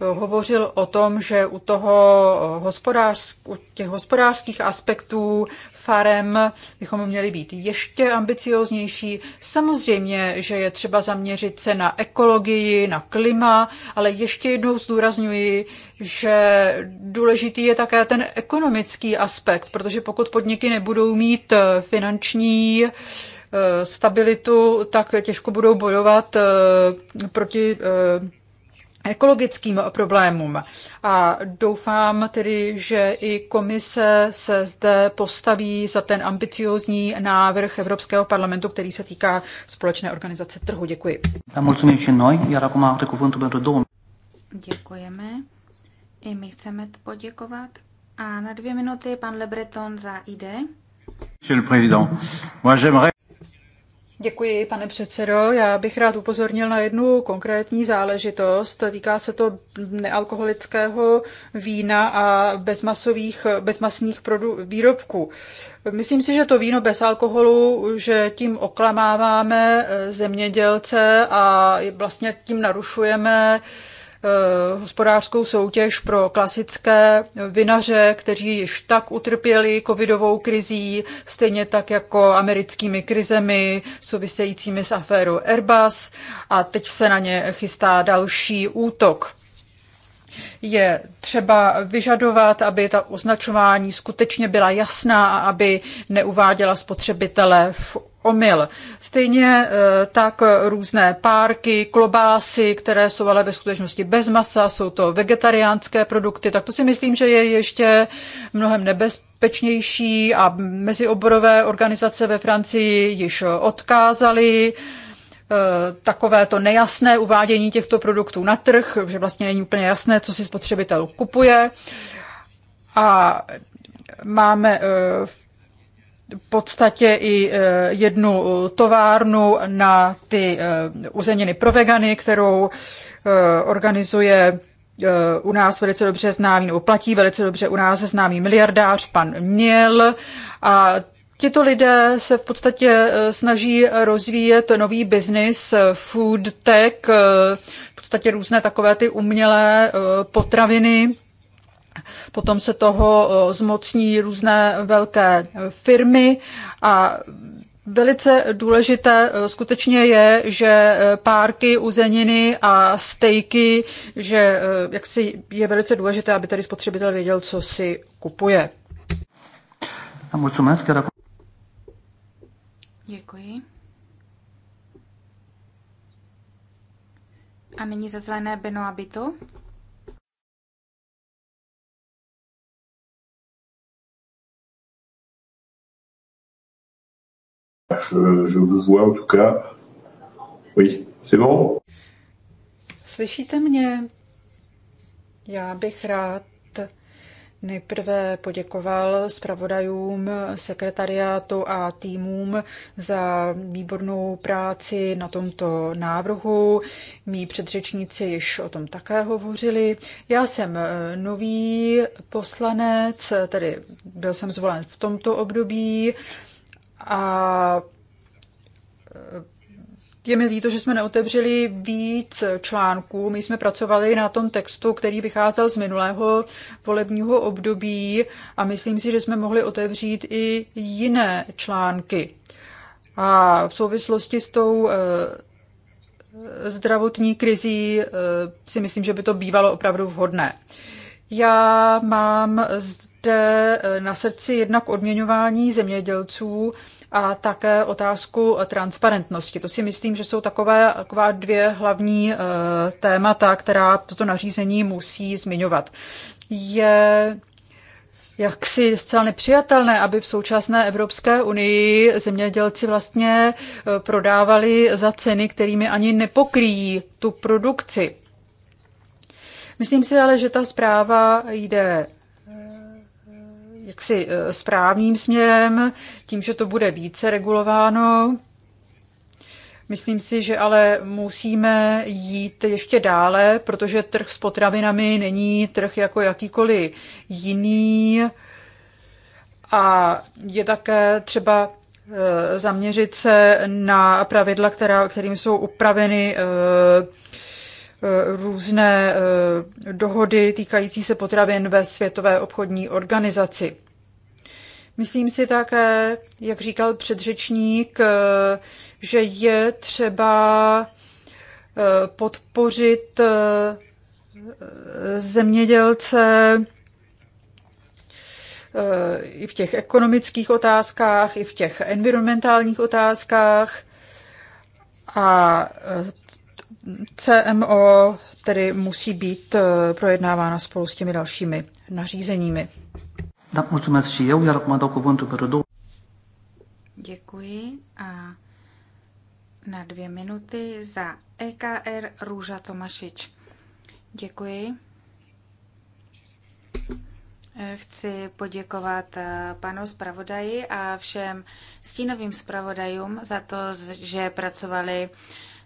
hovořil o tom, že u, toho hospodářsk, u těch hospodářských aspektů farem bychom měli být ještě ambicioznější. Samozřejmě, že je třeba zaměřit se na ekologii, na klima, ale ještě jednou zdůrazňuji, že důležitý je také ten ekonomický aspekt, protože pokud podniky nebudou mít finanční eh, stabilitu, tak těžko budou bojovat eh, proti eh, ekologickým problémům. A doufám tedy, že i komise se zde postaví za ten ambiciózní návrh Evropského parlamentu, který se týká společné organizace trhu. Děkuji. No, Děkujeme. I my chceme poděkovat. A na dvě minuty pan Lebreton za ID. Monsieur le Président, moi j'aimerais... Děkuji, pane předsedo. Já bych rád upozornil na jednu konkrétní záležitost. Týká se to nealkoholického vína a bezmasových, bezmasných výrobků. Myslím si, že to víno bez alkoholu, že tím oklamáváme eh, zemědělce a vlastně tím narušujeme uh, Eh, hospodářskou soutěž pro klasické vinaře, kteří již tak utrpěli covidovou krizí, stejně tak jako americkými krizemi souvisejícími s aférou Airbus a teď se na ně chystá další útok je třeba vyžadovat, aby ta označování skutečně byla jasná a aby neuváděla spotřebitele v omyl. Stejně eh, tak různé párky, klobásy, které jsou ale ve skutečnosti bez masa, jsou to vegetariánské produkty, tak to si myslím, že je ještě mnohem nebezpečnější a mezioborové organizace ve Francii již odkázali eh, takové to nejasné uvádění těchto produktů na trh, že vlastně není úplně jasné, co si spotřebitel kupuje. A máme eh, v podstatě i eh, jednu eh, továrnu na ty eh, uzeniny pro vegany, kterou organizuje u nás velice dobře známý, nebo platí velice dobře u nás známý miliardář pan Měl a Tito lidé se v podstatě snaží rozvíjet nový biznis, food tech, v podstatě různé takové ty umělé potraviny, Potom se toho eh, zmocní různé velké firmy a Velice důležité eh, skutečně je, že eh, párky, uzeniny a stejky, že jak si je velice důležité, aby tady spotřebitel věděl, co si kupuje. Děkuji. A nyní ze zelené Benoabitu. Je, je vous vois en tout cas. Oui, c'est bon? Slyšíte mě? Já bych rád Nejprve poděkoval zpravodajům, sekretariátu a týmům za výbornou práci na tomto návrhu. Mí předřečníci již o tom také hovořili. Já jsem eh, nový poslanec, tedy byl jsem zvolen v tomto období a je mi líto, že jsme neotevřeli víc článků. My jsme pracovali na tom textu, který vycházel z minulého volebního období a myslím si, že jsme mohli otevřít i jiné články. A v souvislosti s tou eh, zdravotní krizí eh, si myslím, že by to bývalo opravdu vhodné. Já mám Eh, na srdci jednak odměňování zemědělců a také otázku eh, transparentnosti. To si myslím, že jsou takové, taková dvě hlavní eh, témata, která toto nařízení musí zmiňovat. Je jaksi zcela nepřijatelné, aby v současné Evropské unii zemědělci vlastně prodávali za ceny, kterými ani nepokryjí tu produkci. Myslím si ale, že ta zpráva jde jaksi eh, správným směrem, tím, že to bude více regulováno. Myslím si, že ale musíme jít ještě dále, protože trh s potravinami není trh jako jakýkoliv jiný. A je také třeba eh, zaměřit se na pravidla, která, kterým jsou upraveny eh, Eh, různé eh, dohody týkající se potravin ve Světové obchodní organizaci. Myslím si také, jak říkal předřečník, eh, že je třeba podpořit zemědělce i v těch ekonomických otázkách, i v těch environmentálních otázkách. A CMO tedy musí být eh, projednávána spolu s těmi dalšími nařízeními. Děkuji a na dvě minuty za EKR Růža Tomašič. Děkuji. Chci poděkovat eh, panu zpravodaji a všem stínovým zpravodajům za to, že pracovali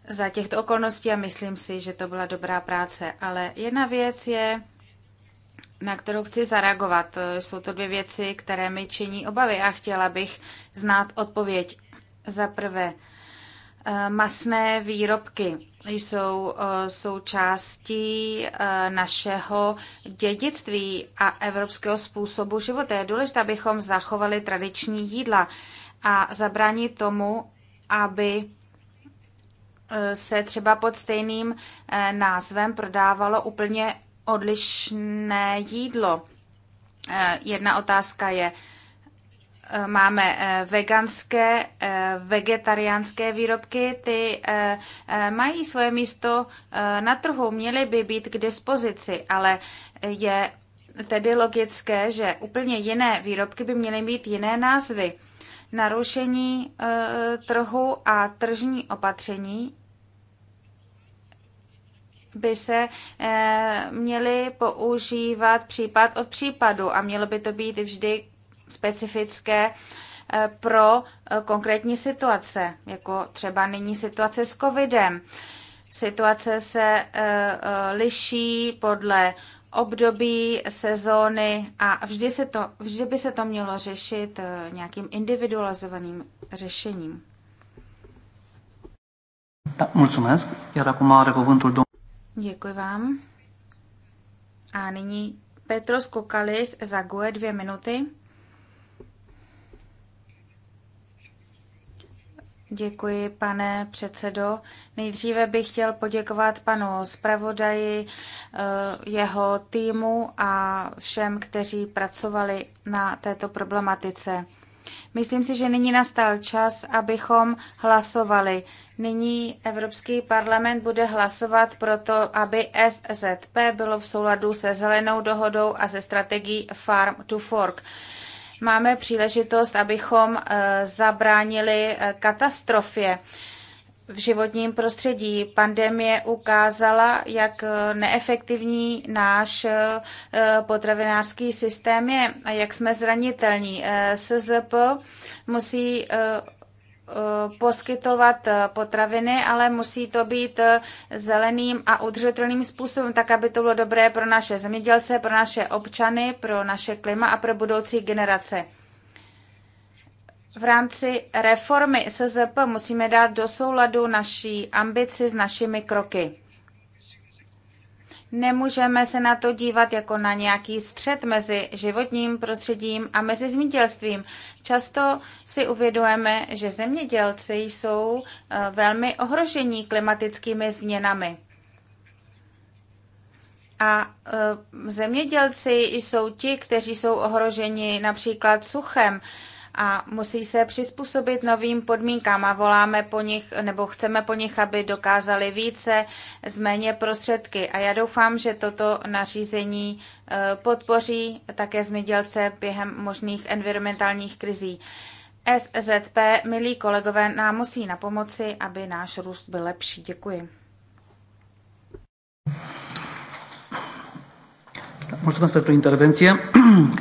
za těchto okolností a myslím si, že to byla dobrá práce. Ale jedna věc je, na kterou chci zareagovat. Jsou to dvě věci, které mi činí obavy a chtěla bych znát odpověď. Za prvé, eh, masné výrobky jsou eh, součástí eh, našeho dědictví a evropského způsobu života. Je důležité, abychom zachovali tradiční jídla a zabránit tomu, aby Eh, se třeba pod stejným eh, názvem prodávalo úplně odlišné jídlo. Eh, jedna otázka je, máme veganské, vegetariánské výrobky, ty mají svoje místo na trhu, měly by být k dispozici, ale je tedy logické, že úplně jiné výrobky by měly mít jiné názvy. Narušení trhu a tržní opatření by se eh, měly používat případ od případu a mělo by to být vždy specifické eh, pro eh, konkrétní situace, jako třeba nyní situace s covidem. Situace se liší podle období, sezóny a vždy, se to, vždy by se to mělo řešit nějakým individualizovaným řešením. Da, mulțumesc. Iar acum are cuvântul domnul Děkuji vám. A nyní Petros Kokalis za GUE dvě minuty. Děkuji, pane předsedo. Nejdříve bych chtěl poděkovat panu zpravodaji, eh, jeho týmu a všem, kteří pracovali na této problematice. Myslím si, že nyní nastal čas, abychom hlasovali. Nyní Evropský parlament bude hlasovat pro to, aby SZP bylo v souladu se zelenou dohodou a se strategií Farm to Fork. Máme příležitost, abychom eh, zabránili eh, katastrofě v životním prostředí. Pandemie ukázala, jak eh, neefektivní náš eh, eh, potravinářský systém je a jak jsme zranitelní. SZP musí poskytovat potraviny, ale musí to být zeleným a udržitelným způsobem, tak aby to bylo dobré pro naše zemědělce, pro naše občany, pro naše klima a pro budoucí generace v rámci reformy SZP musíme dát do souladu naší ambici s našimi kroky. Nemůžeme se na to dívat jako na nějaký střed mezi životním prostředím a mezi zemědělstvím. Často si uvědujeme, že zemědělci jsou eh, velmi ohrožení klimatickými změnami. A eh, zemědělci jsou ti, kteří jsou ohroženi například suchem, a musí se přizpůsobit novým podmínkám a voláme po nich, nebo chceme po nich, aby dokázali více z méně prostředky. A já doufám, že toto nařízení e, podpoří také změdělce během možných environmentálních krizí. SZP, milí kolegové, nám musí na pomoci, aby náš růst byl lepší. Děkuji. Mulțumesc pentru intervenție.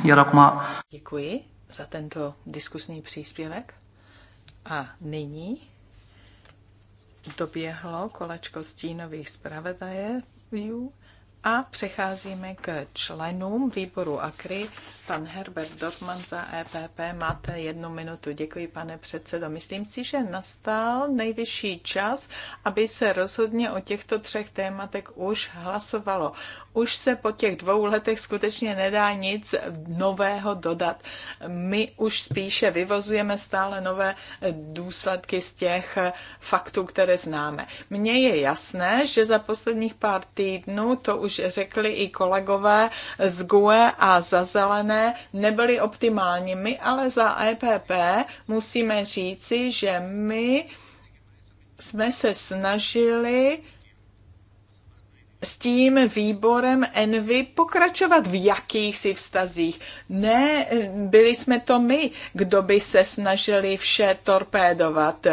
Iar acum... Děkuji za tento diskusní příspěvek. A nyní doběhlo kolečko stínových zpravodajů a přecházíme k členům výboru AKRY. Pan Herbert Dortman za EPP, máte jednu minutu. Děkuji, pane předsedo. Myslím si, že nastal nejvyšší čas, aby se rozhodně o těchto třech tématech už hlasovalo. Už se po těch dvou letech skutečně nedá nic nového dodat. My už spíše vyvozujeme stále nové důsledky z těch faktů, které známe. Mně je jasné, že za posledních pár týdnů to už už řekli i kolegové z GUE a za zelené, nebyly optimální. My ale za EPP musíme říci, že my jsme se snažili s tím výborem Envy pokračovat v jakýchsi vztazích. Ne, byli jsme to my, kdo by se snažili vše torpédovat.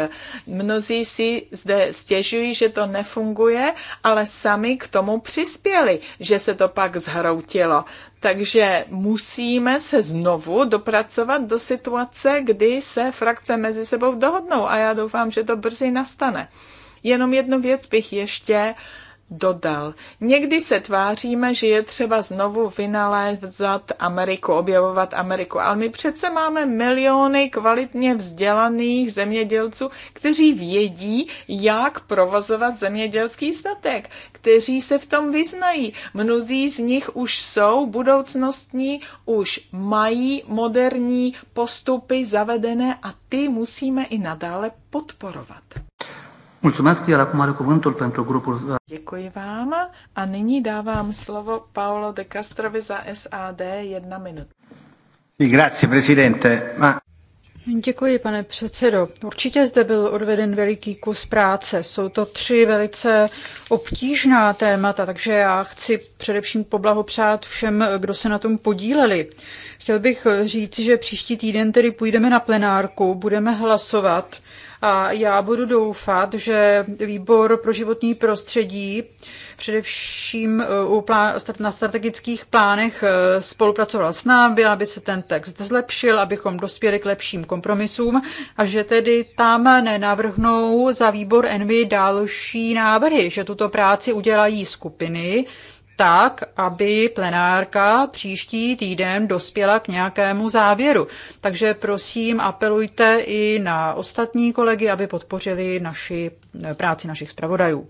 Mnozí si zde stěžují, že to nefunguje, ale sami k tomu přispěli, že se to pak zhroutilo. Takže musíme se znovu dopracovat do situace, kdy se frakce mezi sebou dohodnou a já doufám, že to brzy nastane. Jenom jednu věc bych ještě uh, dodal. Někdy se tváříme, že je třeba znovu vynalézat Ameriku, objevovat Ameriku, ale my přece máme miliony kvalitně vzdělaných zemědělců, kteří vědí, jak provozovat zemědělský statek, kteří se v tom vyznají. Mnozí z nich už jsou budoucnostní, už mají moderní postupy zavedené a ty musíme i nadále podporovat. Mulțumesc, iar acum are cuvântul pentru grupul... Uh, Děkuji vám a nyní dávám slovo Paolo de Castrovi za SAD jedna minut. Grazie, presidente. Ma... Děkuji, pane předsedo. Určitě zde byl odveden veliký kus práce. Jsou to tři velice obtížná témata, takže já chci především poblahopřát všem, kdo se na tom podíleli. Chtěl bych říct, že příští týden tedy půjdeme na plenárku, budeme hlasovat a já budu doufat, že výbor pro životní prostředí především eh, na strategických plánech eh, spolupracoval s námi, aby se ten text zlepšil, abychom dospěli k lepším kompromisům a že tedy tam nenavrhnou za výbor Envy další návrhy, že tuto práci udělají skupiny, tak, aby plenárka příští týden dospěla k nějakému závěru. Takže prosím, apelujte i na ostatní kolegy, aby podpořili naši eh, práci našich zpravodajů.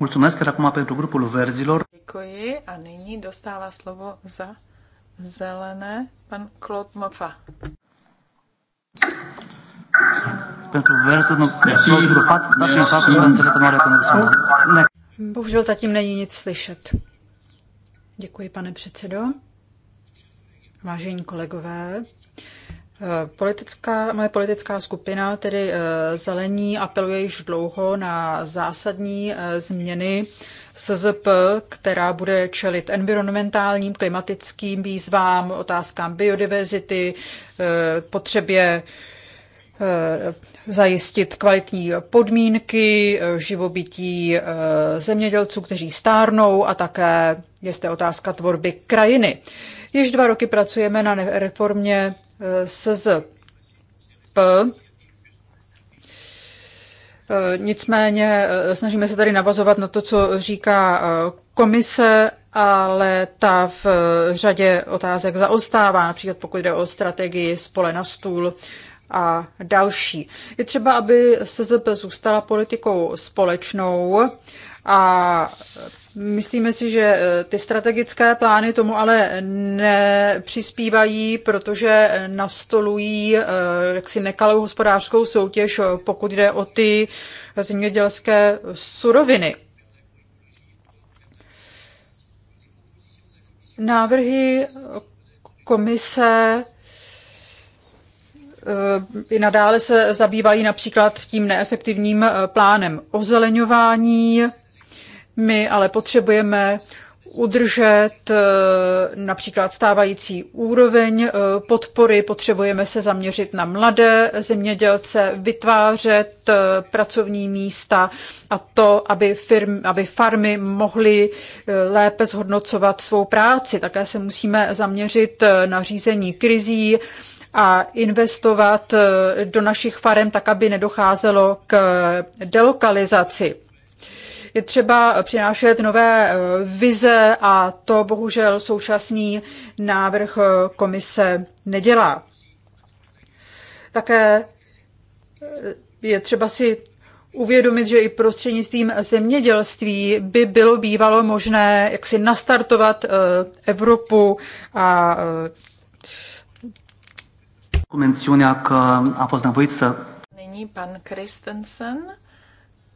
Mulțumesc, iar acum pentru grupul verzilor. Děkuji a nyní dostává slovo za zelené pan Claude Mofa. Bohužel zatím není nic slyšet. Děkuji, pane předsedo. Vážení kolegové, eh, Politická, moje politická skupina, tedy eh, Zelení, apeluje již dlouho na zásadní eh, změny SZP, která bude čelit environmentálním, klimatickým výzvám, otázkám biodiverzity, potřebě Eh, zajistit kvalitní podmínky eh, živobytí eh, zemědělců, kteří stárnou a také je zde otázka tvorby krajiny. Již dva roky pracujeme na reformě SZP, Nicméně snažíme se tady navazovat na to, co říká komise, ale ta v řadě otázek zaostává, například pokud jde o strategii spole na stůl a další. Je třeba, aby SZP zůstala politikou společnou a myslíme si, že e, ty strategické plány tomu ale nepřispívají, protože nastolují e, jaksi nekalou hospodářskou soutěž, e, pokud jde o ty zemědělské suroviny. Návrhy komise Eh, i nadále se zabývají například tím neefektivním eh, plánem ozeleňování. My ale potřebujeme udržet eh, například stávající úroveň podpory, potřebujeme se zaměřit na mladé zemědělce, vytvářet pracovní místa a to, aby, firmy, aby farmy mohly lépe zhodnocovat svou práci. Také se musíme zaměřit na řízení krizí, a investovat eh, do našich farem tak, aby nedocházelo k eh, delokalizaci. Je třeba přinášet nové eh, vize a to bohužel současný návrh komise nedělá. Také je třeba si uvědomit, že i prostřednictvím zemědělství by bylo bývalo možné jak si nastartovat Evropu a mențiunea jak a fost nevoit Nyní pan Kristensen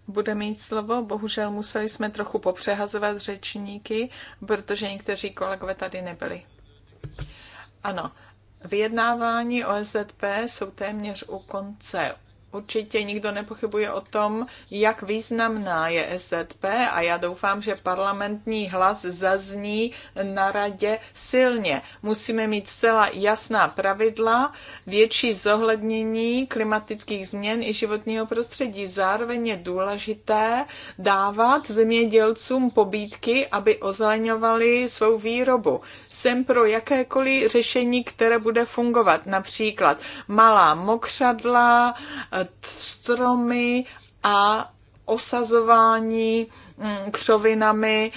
bude mít slovo. Bohužel museli jsme trochu popřehazovat řečníky, protože někteří kolegové tady nebyli. Ano, vyjednávání OSZP jsou téměř u konce. Určitě nikdo nepochybuje o tom, jak významná je SZP a já doufám, že parlamentní hlas zazní na radě silně. Musíme mít zcela jasná pravidla, větší zohlednění klimatických změn i životního prostředí. Zároveň je důležité dávat zemědělcům pobídky, aby ozeleňovali svou výrobu. Jsem pro jakékoliv řešení, které bude fungovat. Například malá mokřadla, stromy a osazování mm, křovinami,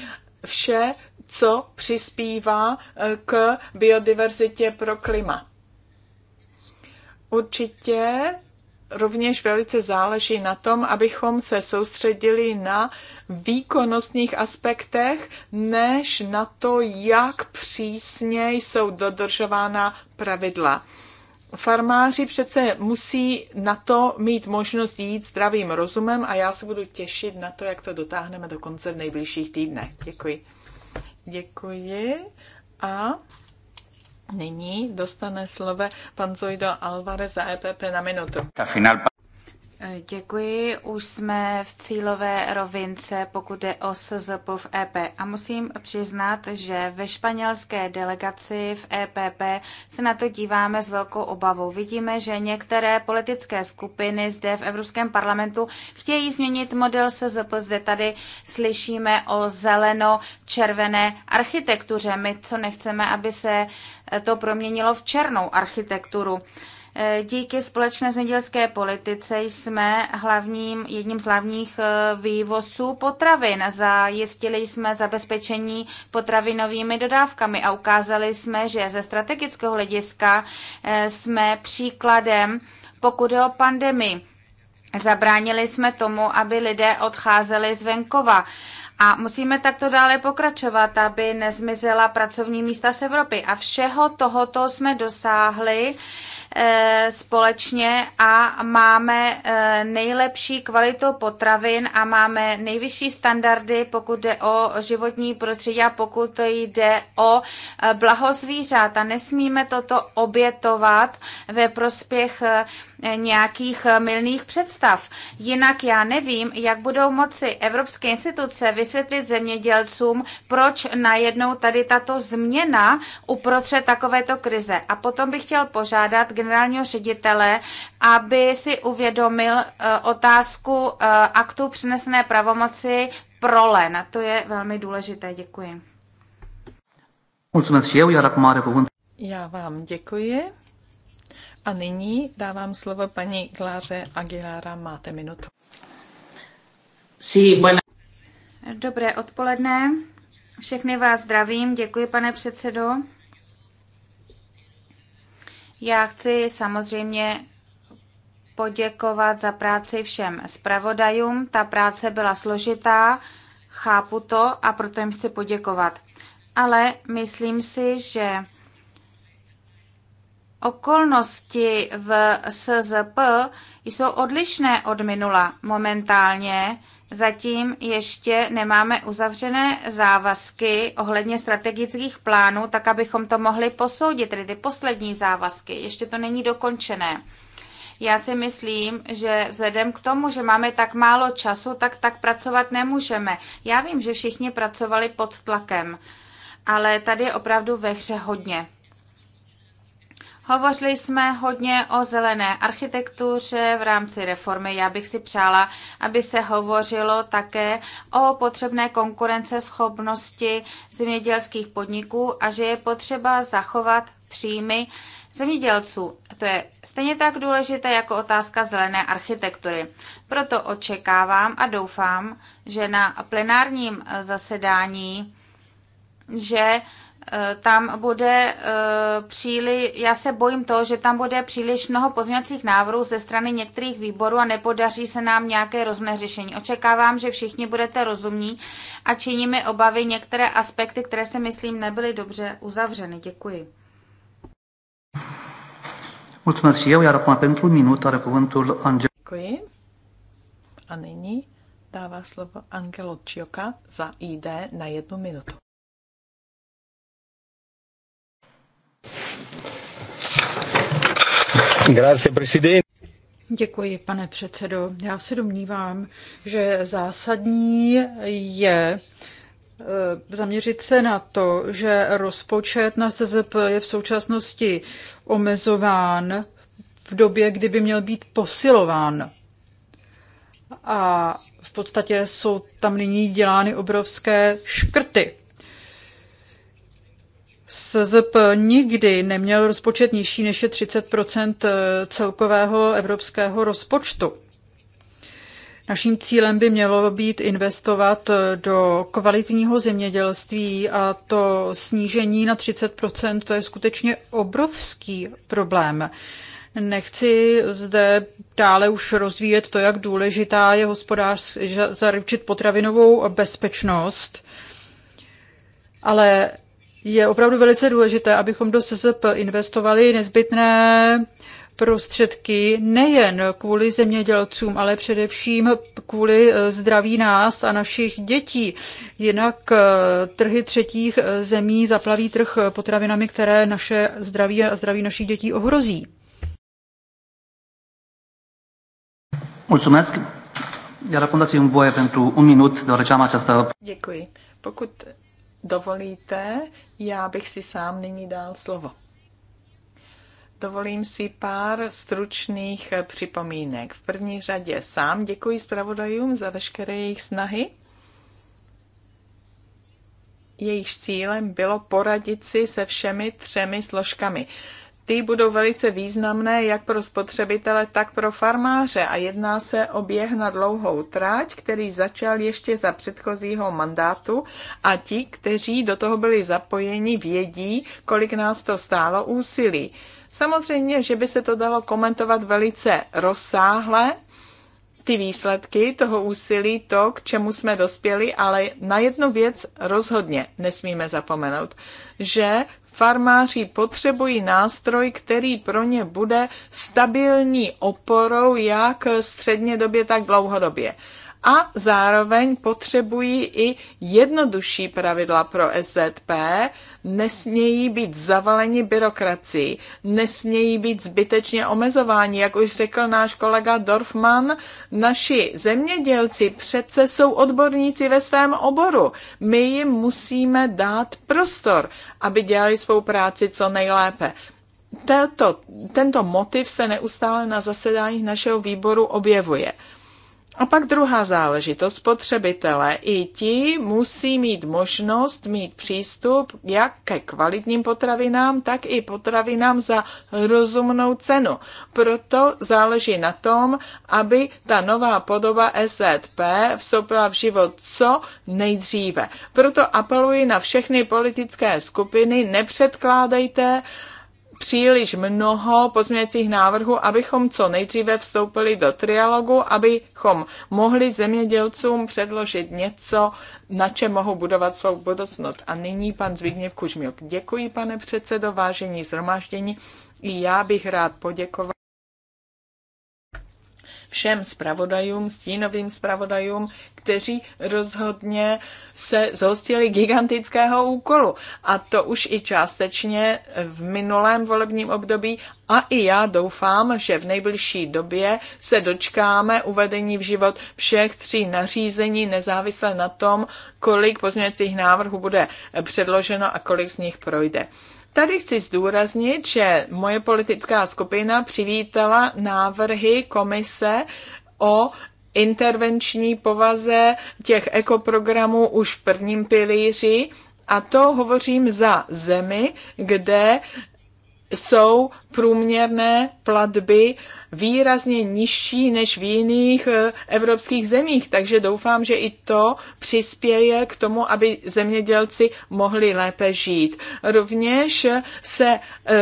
vše, co přispívá eh, k biodiverzitě pro klima. Určitě rovněž velice záleží na tom, abychom se soustředili na výkonnostních aspektech, než na to, jak přísně jsou dodržována pravidla farmáři přece musí na to mít možnost jít zdravým rozumem a já se budu těšit na to, jak to dotáhneme do konce v nejbližších týdnech. Děkuji. Děkuji. A nyní dostane slovo pan Zojdo Alvarez za EPP na minutu. Ta final Děkuji, už jsme v cílové rovince, pokud jde o SZP v EP. A musím přiznat, že ve španělské delegaci v EPP se na to díváme s velkou obavou. Vidíme, že některé politické skupiny zde v Evropském parlamentu chtějí změnit model SZP. Zde tady slyšíme o zeleno-červené architektuře. My co nechceme, aby se to proměnilo v černou architekturu. Eh, díky společné zemědělské politice jsme hlavním, jedním z hlavních eh, vývozů potravin. Zajistili jsme zabezpečení potravinovými dodávkami a ukázali jsme, že ze strategického hlediska eh, jsme příkladem, pokud je o pandemii. Zabránili jsme tomu, aby lidé odcházeli z venkova. A musíme takto dále pokračovat, aby nezmizela pracovní místa z Evropy. A všeho tohoto jsme dosáhli Eh, společně a máme eh, nejlepší kvalitu potravin a máme nejvyšší standardy, pokud jde o životní prostředí a pokud to jde o eh, blaho zvířat. A nesmíme toto obětovat ve prospěch nějakých milných představ. Jinak já nevím, jak budou moci evropské instituce vysvětlit zemědělcům, proč najednou tady tato změna uprostřed takovéto krize. A potom bych chtěl požádat generálního ředitele, aby si uvědomil eh, otázku eh, aktu přenesené pravomoci pro LEN. To je velmi důležité. Děkuji. Já vám děkuji. A nyní dávám slovo paní Kláře Aguilara. Máte minutu. Sí, bueno. Dobré odpoledne. Všechny vás zdravím. Děkuji, pane předsedo. Já chci samozřejmě poděkovat za práci všem zpravodajům. Ta práce byla složitá, chápu to a proto jim chci poděkovat. Ale myslím si, že okolnosti v SZP jsou odlišné od minula momentálně Zatím ještě nemáme uzavřené závazky ohledně strategických plánů, tak abychom to mohli posoudit, tedy ty poslední závazky. Ještě to není dokončené. Já si myslím, že vzhledem k tomu, že máme tak málo času, tak tak pracovat nemůžeme. Já vím, že všichni pracovali pod tlakem, ale tady je opravdu ve hře hodně. Hovořili jsme hodně o zelené architektuře v rámci reformy. Já bych si přála, aby se hovořilo také o potřebné konkurenceschopnosti zemědělských podniků a že je potřeba zachovat příjmy zemědělců. To je stejně tak důležité jako otázka zelené architektury. Proto očekávám a doufám, že na plenárním zasedání že Eh, tam bude eh, příliš, já se bojím toho, že tam bude příliš mnoho pozměňovacích návrhů ze strany některých výborů a nepodaří se nám nějaké rozné řešení. Očekávám, že všichni budete rozumní a činí mi obavy některé aspekty, které si myslím nebyly dobře uzavřeny. Děkuji. Mulțumesc și eu, iar acum pentru un minut are cuvântul Angel. Děkuji. A nyní dává slovo Angelo Čioka za ID na jednu minutu. Děkuji, pane předsedo. Já se domnívám, že zásadní je eh, zaměřit se na to, že rozpočet na CZP je v současnosti omezován v době, kdy by měl být posilován. A v podstatě jsou tam nyní dělány obrovské škrty. SZP nikdy neměl rozpočet nižší než je 30 eh, celkového evropského rozpočtu. Naším cílem by mělo být investovat eh, do kvalitního zemědělství a to snížení na 30 to je skutečně obrovský problém. Nechci zde dále už rozvíjet to, jak důležitá je hospodář zaručit potravinovou bezpečnost, ale je opravdu velice důležité, abychom do SZP investovali nezbytné prostředky nejen kvůli zemědělcům, ale především kvůli eh, zdraví nás a našich dětí. Jinak eh, trhy třetích eh, zemí zaplaví trh potravinami, které naše zdraví a zdraví našich dětí ohrozí. Mulțumesc. Iar acum dați voie pentru un minut, deoarece am această... Děkuji. Pokud dovolíte, já bych si sám nyní dal slovo. Dovolím si pár stručných připomínek. V první řadě sám děkuji zpravodajům za veškeré jejich snahy. Jejich cílem bylo poradit si se všemi třemi složkami ty budou velice významné jak pro spotřebitele, tak pro farmáře a jedná se o běh na dlouhou tráť, který začal ještě za předchozího mandátu a ti, kteří do toho byli zapojeni, vědí, kolik nás to stálo úsilí. Samozřejmě, že by se to dalo komentovat velice rozsáhle, ty výsledky toho úsilí, to, k čemu jsme dospěli, ale na jednu věc rozhodně nesmíme zapomenout, že farmáři potřebují nástroj, který pro ně bude stabilní oporou jak střednědobě, tak dlouhodobě a zároveň potřebují i jednodušší pravidla pro SZP, nesmějí být zavaleni byrokracií, nesmějí být zbytečně omezováni. Jak už řekl náš kolega Dorfman, naši zemědělci přece jsou odborníci ve svém oboru. My jim musíme dát prostor, aby dělali svou práci co nejlépe. Tento, tento motiv se neustále na zasedáních našeho výboru objevuje. A pak druhá záležitost, spotřebitele. I ti musí mít možnost mít přístup jak ke kvalitním potravinám, tak i potravinám za rozumnou cenu. Proto záleží na tom, aby ta nová podoba SZP vstoupila v život co nejdříve. Proto apeluji na všechny politické skupiny, nepředkládejte uh, příliš mnoho pozměňovacích návrhů, abychom co nejdříve vstoupili do trialogu, abychom mohli zemědělcům předložit něco, na čem mohou budovat svou budoucnost. A nyní pan Zvigněv Kužmiuk. Děkuji, pane předsedo, vážení zhromáždění. I já bych rád poděkoval všem zpravodajům, stínovým zpravodajům, kteří rozhodně se zhostili gigantického úkolu. A to už i částečně v minulém volebním období. A i já doufám, že v nejbližší době se dočkáme uvedení v život všech tří nařízení, nezávisle na tom, kolik pozměňovacích návrhů bude předloženo a kolik z nich projde. Tady chci zdůraznit, že moje politická skupina přivítala návrhy komise o intervenční povaze těch ekoprogramů už v prvním pilíři a to hovořím za zemi, kde jsou průměrné platby výrazně nižší než v jiných eh, evropských zemích, takže doufám, že i to přispěje k tomu, aby zemědělci mohli lépe žít. Rovněž se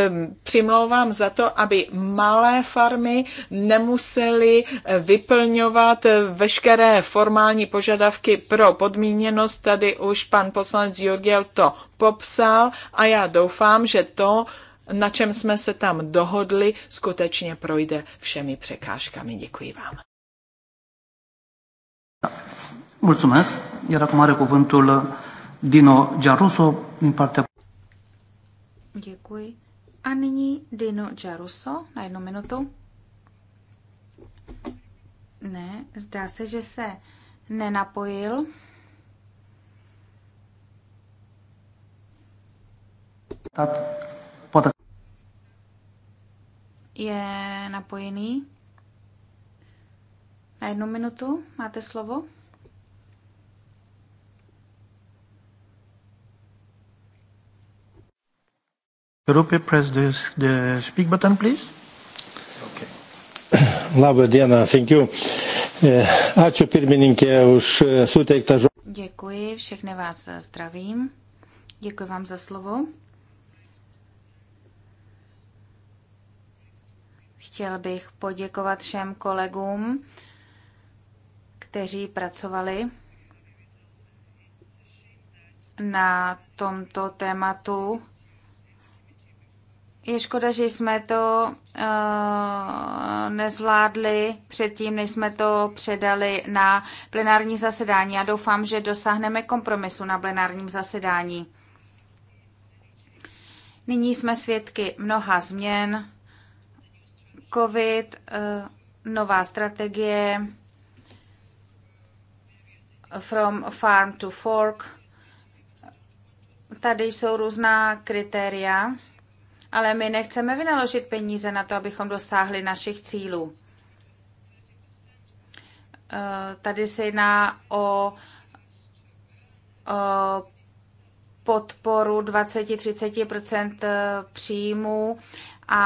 um, přimlouvám za to, aby malé farmy nemusely eh, vyplňovat eh, veškeré formální požadavky pro podmíněnost. Tady už pan poslanec Jurgel to popsal a já doufám, že to na čem jsme se tam dohodli, skutečně projde všemi překážkami. Děkuji vám. Mulțumesc. Iar acum are cuvântul Dino Giaruso din partea... Děkuji. A nyní Dino Giaruso na jednu minutu. Ne, zdá se, že se nenapojil je napojený. Na jednu minutu máte slovo. Rupi, press the, the speak button, please. Okay. Labą dieną, thank you. Eh, ačiū pirmininkė už eh, suteiktą žodį. Děkuji, všechny vás eh, zdravím. Děkuji vám za slovo. Chtěl bych poděkovat všem kolegům, kteří pracovali na tomto tématu. Je škoda, že jsme to uh, nezvládli předtím, než jsme to předali na plenární zasedání. Já doufám, že dosáhneme kompromisu na plenárním zasedání. Nyní jsme svědky mnoha změn COVID, eh, nová strategie From Farm to Fork. Tady jsou různá kritéria, ale my nechceme vynaložit peníze na to, abychom dosáhli našich cílů. Eh, tady se jedná o, o podporu 20-30 eh, příjmů a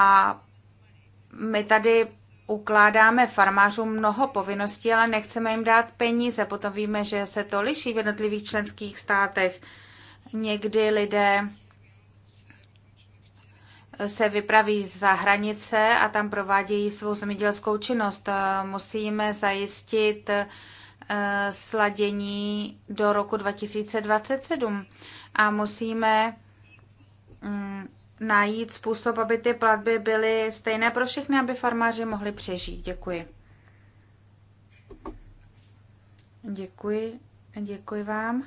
my tady ukládáme farmářům mnoho povinností, ale nechceme jim dát peníze. Potom víme, že se to liší v jednotlivých členských státech. Někdy lidé se vypraví za hranice a tam provádějí svou zemědělskou činnost. Musíme zajistit eh, sladění do roku 2027 a musíme mm, najít způsob, aby ty platby byly stejné pro všechny, aby farmáři mohli přežít. Děkuji. Děkuji, děkuji vám.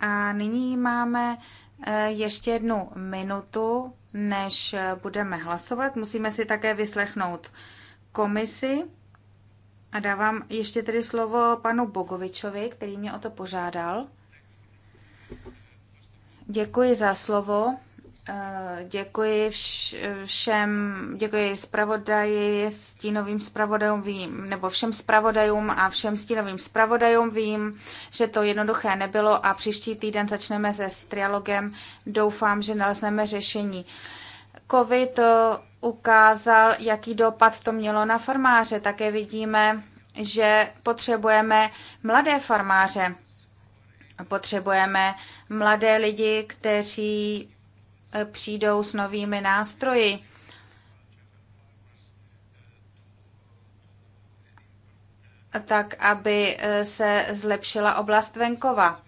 A nyní máme eh, ještě jednu minutu, než budeme hlasovat. Musíme si také vyslechnout komisi. A dávám ještě tedy slovo panu Bogovičovi, který mě o to požádal. Děkuji za slovo. Eh, děkuji všem, děkuji zpravodaji, stínovým zpravodajům vím, nebo všem zpravodajům a všem stínovým zpravodajům vím, že to jednoduché nebylo a příští týden začneme se s trialogem. Doufám, že nalezneme řešení. COVID ukázal, jaký dopad to mělo na farmáře. Také vidíme, že potřebujeme mladé farmáře Potřebujeme mladé lidi, kteří eh, přijdou s novými nástroji. tak aby eh, se zlepšila oblast venkova.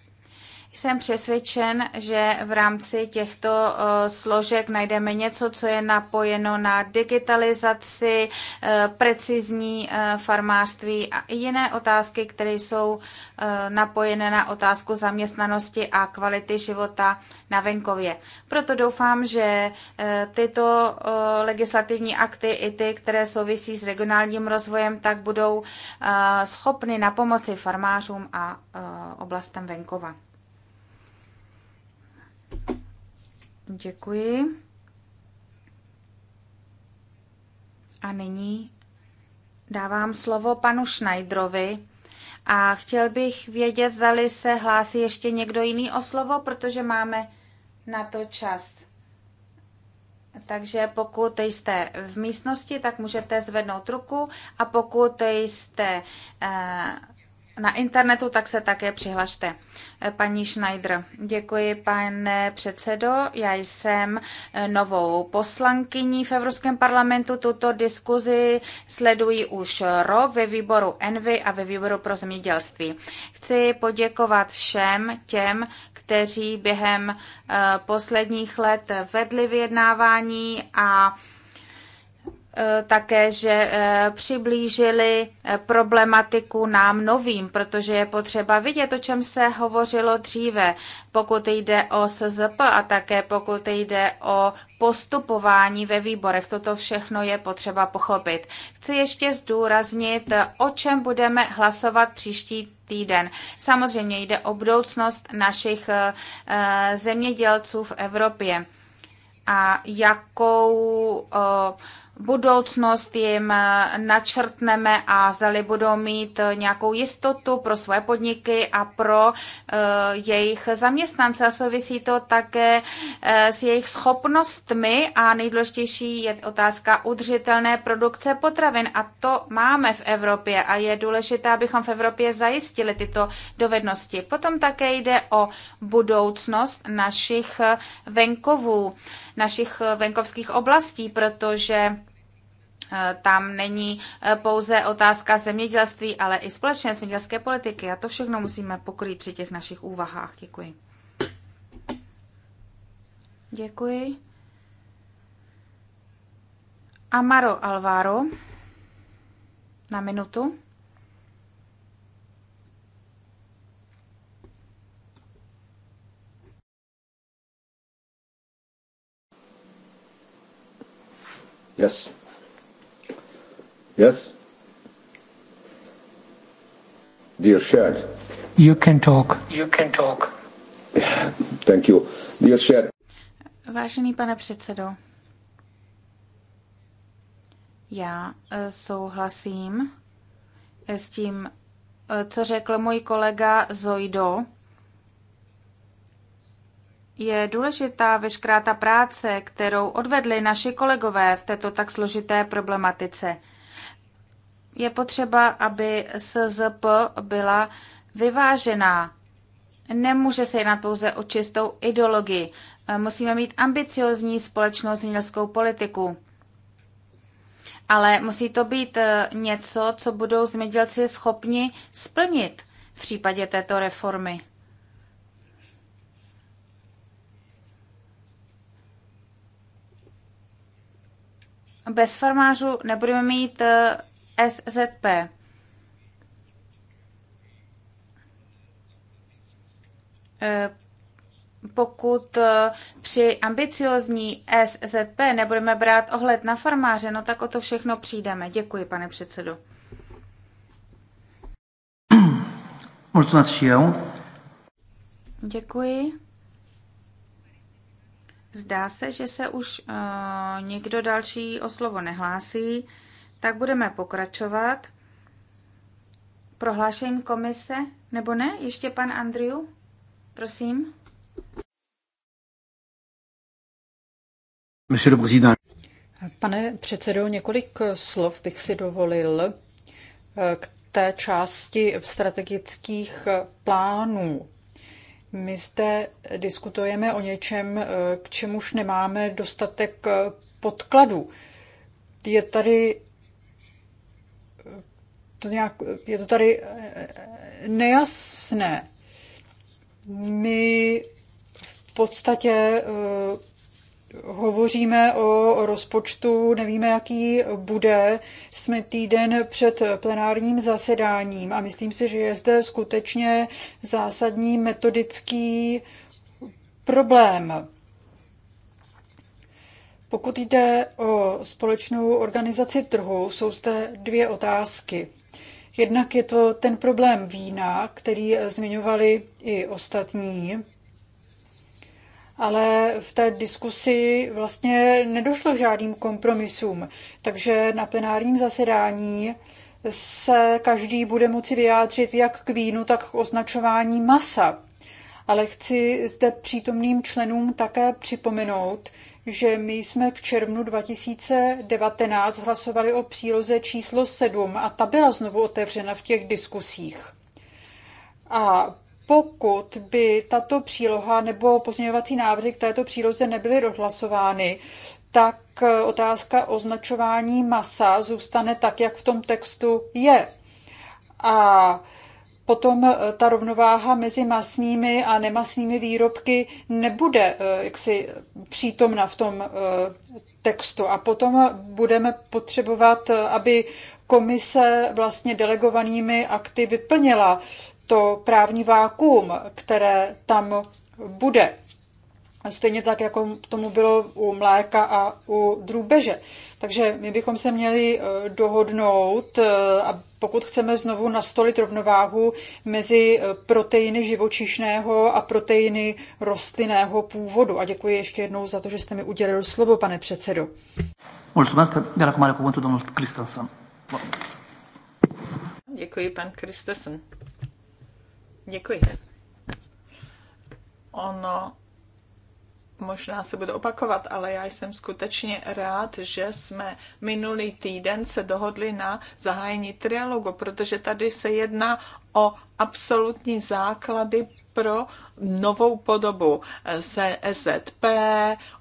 Jsem přesvědčen, že v rámci těchto eh, složek najdeme něco, co je napojeno na digitalizaci, eh, precizní eh, farmářství a jiné otázky, které jsou napojené na otázku zaměstnanosti a kvality života na venkově. Proto doufám, že tyto legislativní akty i ty, které souvisí s regionálním rozvojem, tak budou schopny na pomoci farmářům a oblastem venkova. Děkuji. A nyní dávám slovo panu Schneiderovi. A chtěl bych vědět, zdali se hlásí ještě někdo jiný o slovo, protože máme na to čas. Takže pokud jste v místnosti, tak můžete zvednout ruku a pokud jste eh, na internetu, tak se také přihlašte. Eh, paní Schneider, děkuji, pane předsedo. Já jsem eh, novou poslankyní v Evropském parlamentu. Tuto diskuzi sleduji už rok ve výboru Envy a ve výboru pro zemědělství. Chci poděkovat všem těm, kteří během eh, posledních let vedli vyjednávání a Eh, také, že eh, přiblížili eh, problematiku nám novým, protože je potřeba vidět, o čem se hovořilo dříve, pokud jde o SZP a také pokud jde o postupování ve výborech. Toto všechno je potřeba pochopit. Chci ještě zdůraznit, o čem budeme hlasovat příští týden. Samozřejmě jde o budoucnost našich zemědělců v Evropě a jakou budoucnost jim eh, načrtneme a zali budou mít eh, nějakou jistotu pro své podniky a pro eh, jejich zaměstnance. A souvisí to také s jejich schopnostmi a nejdůležitější je otázka udržitelné produkce potravin a to máme v Evropě a je důležité, abychom v Evropě zajistili tyto dovednosti. Potom také jde o budoucnost našich venkovů našich eh, venkovských oblastí, protože eh, tam není eh, pouze otázka zemědělství, ale i společné zemědělské politiky. A to všechno musíme pokrýt při těch našich úvahách. Děkuji. Děkuji. Amaro Alvaro na minutu. Yes. Yes. Dear Shad. You can talk. You can talk. Thank you. Dear Shad. Vážený pane předsedo, já eh, souhlasím eh, s tím, eh, co řekl můj kolega Zojdo je důležitá veškerá ta práce, kterou odvedli naši kolegové v této tak složité problematice. Je potřeba, aby SZP byla vyvážená. Nemůže se jednat pouze o čistou ideologii. Musíme mít ambiciozní společnou zemědělskou politiku. Ale musí to být eh, něco, co budou zemědělci schopni splnit v případě této reformy. bez farmářů nebudeme mít eh, SZP. Eh, pokud eh, při ambiciozní SZP nebudeme brát ohled na farmáře, no tak o to všechno přijdeme. Děkuji, pane předsedu. Děkuji. Zdá se, že se už e, někdo další o slovo nehlásí, tak budeme pokračovat. Prohlášením komise, nebo ne? Ještě pan Andriu, prosím. Pane předsedo, několik slov bych si dovolil eh, k té části strategických plánů my zde diskutujeme o něčem, eh, k čemuž nemáme dostatek eh, podkladů. Je tady eh, to nějak, je to tady nejasné. My v podstatě hovoříme o rozpočtu, nevíme, jaký bude. Jsme týden před plenárním zasedáním a myslím si, že je zde skutečně zásadní metodický problém. Pokud jde o společnou organizaci trhu, jsou zde dvě otázky. Jednak je to ten problém vína, který zmiňovali i ostatní ale v té diskusi vlastně nedošlo žádným kompromisům. Takže na plenárním zasedání se každý bude moci vyjádřit jak k vínu, tak k označování masa. Ale chci zde přítomným členům také připomenout, že my jsme v červnu 2019 hlasovali o příloze číslo 7 a ta byla znovu otevřena v těch diskusích. A pokud by tato příloha nebo pozměňovací návrhy k této příloze nebyly rozhlasovány, tak eh, otázka označování masa zůstane tak, jak v tom textu je. A potom eh, ta rovnováha mezi masnými a nemasnými výrobky nebude eh, jaksi přítomna v tom textu. A potom budeme potřebovat, aby komise vlastně delegovanými akty vyplnila to právní vákuum, které tam bude. Stejně tak, jako tomu bylo u mléka a u drůbeže. Takže my bychom se měli eh, dohodnout, eh, a pokud chceme znovu nastolit rovnováhu mezi eh, proteiny živočišného a proteiny rostlinného původu. A děkuji ještě jednou za to, že jste mi udělil slovo, pane předsedo. Mulțumesc, de acum are cuvântul domnul Christensen. Děkuji, pan Christensen. Děkuji. Ono možná se bude opakovat, ale já jsem skutečně rád, že jsme minulý týden se dohodli na zahájení trialogu, protože tady se jedná o absolutní základy pro novou podobu SZP,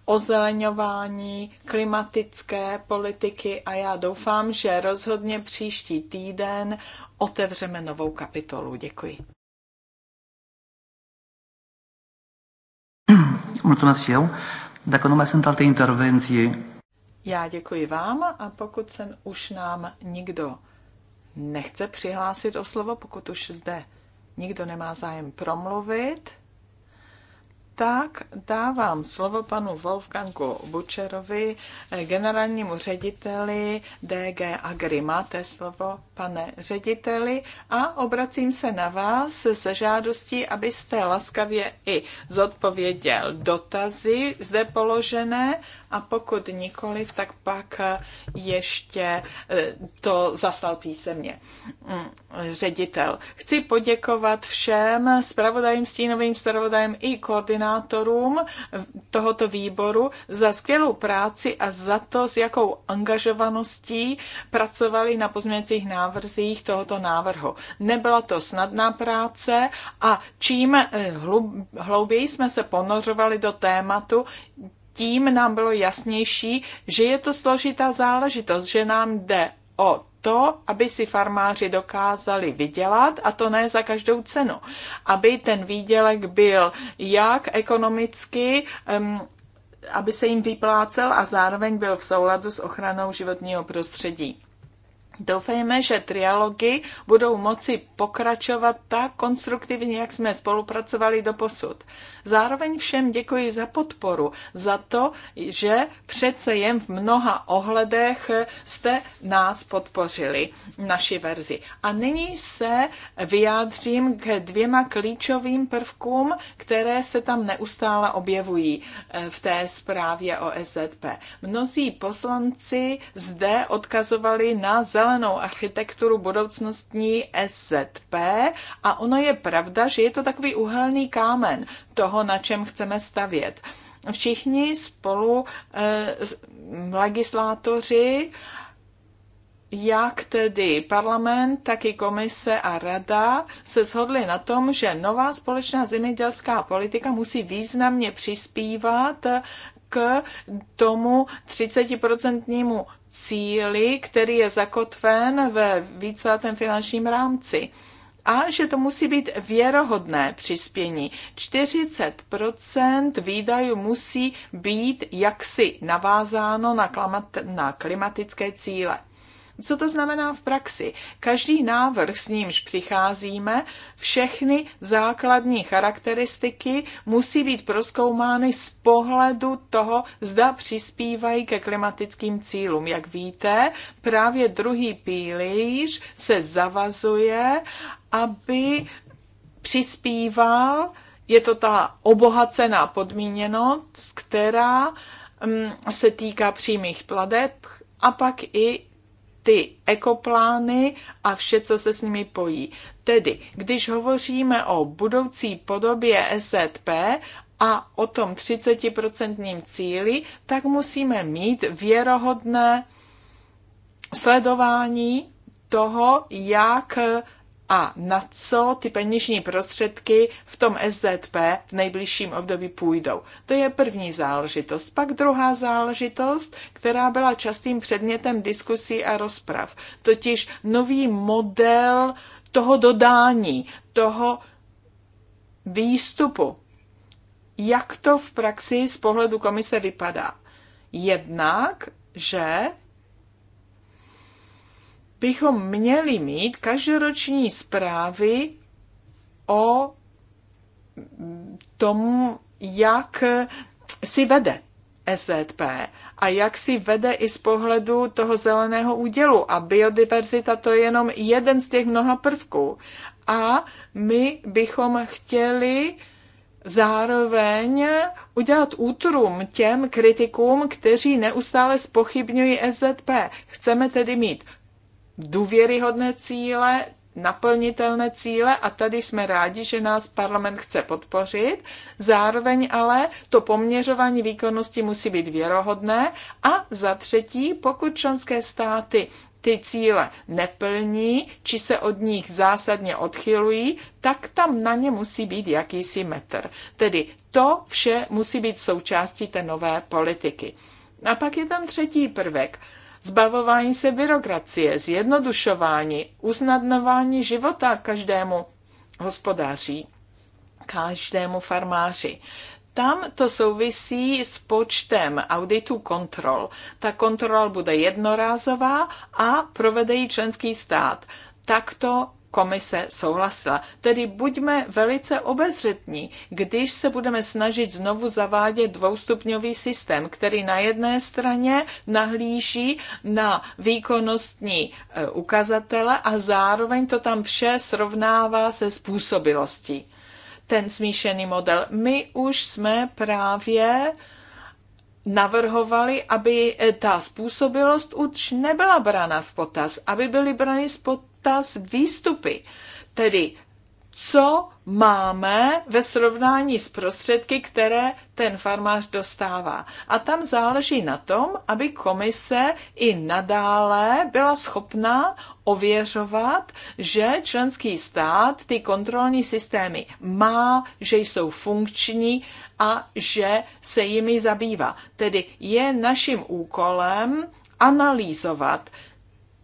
ozeleňování, klimatické politiky a já doufám, že rozhodně příští týden otevřeme novou kapitolu. Děkuji. Mulțumesc și eu. Dacă nu mai sunt alte intervenții. Já děkuji vám a pokud se už nám nikdo nechce přihlásit o slovo, pokud už zde nikdo nemá zájem promluvit, tak dávám slovo panu Wolfgangu Bučerovi, eh, generálnímu řediteli DG Agri. Máte slovo, pane řediteli, a obracím se na vás se žádostí, abyste laskavě i zodpověděl dotazy zde položené a pokud nikoliv, tak pak eh, ještě eh, to zaslal písemně mm, ředitel. Chci poděkovat všem spravodajím, stínovým spravodajím i koordinátorům tohoto výboru za skvělou práci a za to, s jakou angažovaností pracovali na pozměňovacích návrzích tohoto návrhu. Nebyla to snadná práce a čím eh, hlouběji jsme se ponořovali do tématu, tím nám bylo jasnější, že je to složitá záležitost, že nám jde o to, aby si farmáři dokázali vydělat, a to ne za každou cenu. Aby ten výdělek byl jak ekonomicky, um, aby se jim vyplácel a zároveň byl v souladu s ochranou životního prostředí. Doufejme, že trialogy budou moci pokračovat tak konstruktivně, jak jsme spolupracovali do posud. Zároveň všem děkuji za podporu, za to, že přece jen v mnoha ohledech jste nás podpořili, naši verzi. A nyní se vyjádřím k dvěma klíčovým prvkům, které se tam neustále objevují eh, v té zprávě o SZP. Mnozí poslanci zde odkazovali na zelené zelenou architekturu budoucnostní SZP a ono je pravda, že je to takový uhelný kámen toho, na čem chceme stavět. Všichni spolu eh, legislátoři jak tedy parlament, tak i komise a rada se shodli na tom, že nová společná zemědělská politika musí významně přispívat k tomu 30% cíli, který je zakotven ve víceletém finančním rámci. A že to musí být věrohodné přispění. 40 výdajů musí být jaksi navázáno na klimatické cíle. Co to znamená v praxi? Každý návrh, s nímž přicházíme, všechny základní charakteristiky musí být proskoumány z pohledu toho, zda přispívají ke klimatickým cílům. Jak víte, právě druhý pilíř se zavazuje, aby přispíval, je to ta obohacená podmíněnost, která mm, se týká přímých pladeb a pak i ty ekoplány a vše, co se s nimi pojí. Tedy, když hovoříme o budoucí podobě SZP a o tom 30% cíli, tak musíme mít věrohodné sledování toho, jak a na co ty peněžní prostředky v tom SZP v nejbližším období půjdou. To je první záležitost. Pak druhá záležitost, která byla častým předmětem diskusí a rozprav, totiž nový model toho dodání, toho výstupu. Jak to v praxi z pohledu komise vypadá? Jednak, že bychom měli mít každoroční zprávy o tom, jak si vede SZP a jak si vede i z pohledu toho zeleného údělu. A biodiverzita to je jenom jeden z těch mnoha prvků. A my bychom chtěli zároveň udělat útrum těm kritikům, kteří neustále spochybňují SZP. Chceme tedy mít důvěryhodné cíle, naplnitelné cíle a tady jsme rádi, že nás parlament chce podpořit. Zároveň ale to poměřování výkonnosti musí být věrohodné a za třetí, pokud členské státy ty cíle neplní, či se od nich zásadně odchylují, tak tam na ně musí být jakýsi metr. Tedy to vše musí být součástí té nové politiky. A pak je tam třetí prvek, zbavování se byrokracie, zjednodušování, uznadnování života každému hospodáři, každému farmáři. Tam to souvisí s počtem auditů kontrol. Ta kontrola bude jednorázová a provede ji členský stát. Takto komise souhlasila. Tedy buďme velice obezřetní, když se budeme snažit znovu zavádět dvoustupňový systém, který na jedné straně nahlíží na výkonnostní e, ukazatele a zároveň to tam vše srovnává se způsobilostí. Ten smíšený model. My už jsme právě navrhovali, aby ta způsobilost už nebyla brána v potaz, aby byly brány spod potaz výstupy. Tedy co máme ve srovnání s prostředky, které ten farmář dostává. A tam záleží na tom, aby komise i nadále byla schopná ověřovat, že členský stát ty kontrolní systémy má, že jsou funkční a že se jimi zabývá. Tedy je naším úkolem analýzovat,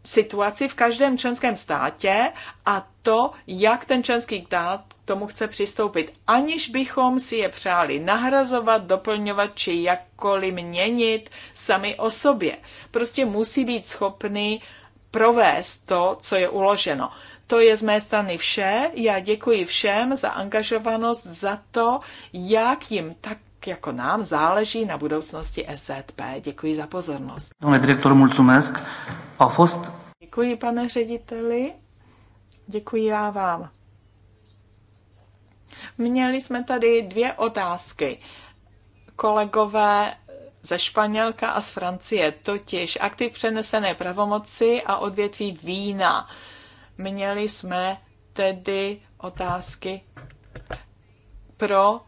situaci v každém členském státě a to, jak ten členský stát k tomu chce přistoupit, aniž bychom si je přáli nahrazovat, doplňovat či jakkoliv měnit sami o sobě. Prostě musí být schopný provést to, co je uloženo. To je z mé strany vše. Já děkuji všem za angažovanost, za to, jak jim tak jako nám záleží na budoucnosti SZP. Děkuji za pozornost. Pane direktor, mulțumesc. A fost... Děkuji, pane řediteli. Děkuji já vám. Měli jsme tady dvě otázky. Kolegové ze Španělka a z Francie, totiž aktiv přenesené pravomoci a odvětví vína. Měli jsme tedy otázky pro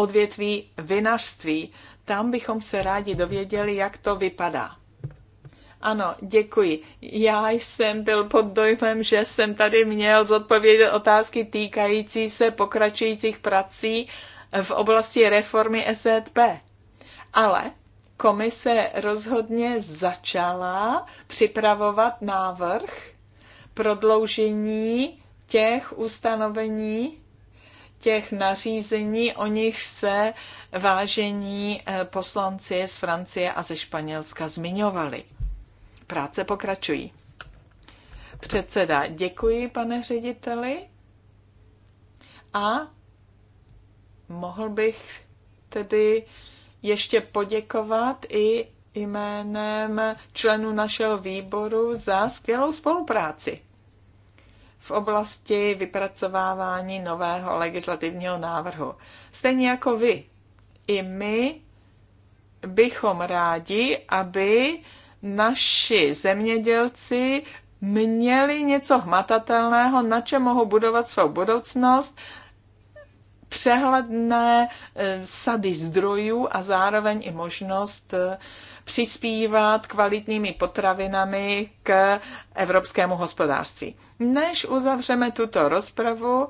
odvětví vinařství. Tam bychom se rádi dověděli, jak to vypadá. Ano, děkuji. Já jsem byl pod dojmem, že jsem tady měl zodpovědět otázky týkající se pokračujících prací v oblasti reformy SZP. Ale komise rozhodně začala připravovat návrh prodloužení těch ustanovení, těch nařízení, o nich se vážení eh, poslanci z Francie a ze Španělska zmiňovali. Práce pokračují. Předseda, děkuji, pane řediteli. A mohl bych tedy ještě poděkovat i jménem členů našeho výboru za skvělou spolupráci v oblasti vypracovávání nového legislativního návrhu. Stejně jako vy, i my bychom rádi, aby naši zemědělci měli něco hmatatelného, na čem mohou budovat svou budoucnost, přehledné eh, sady zdrojů a zároveň i možnost eh, přispívat kvalitními potravinami k evropskému hospodářství. Než uzavřeme tuto rozpravu,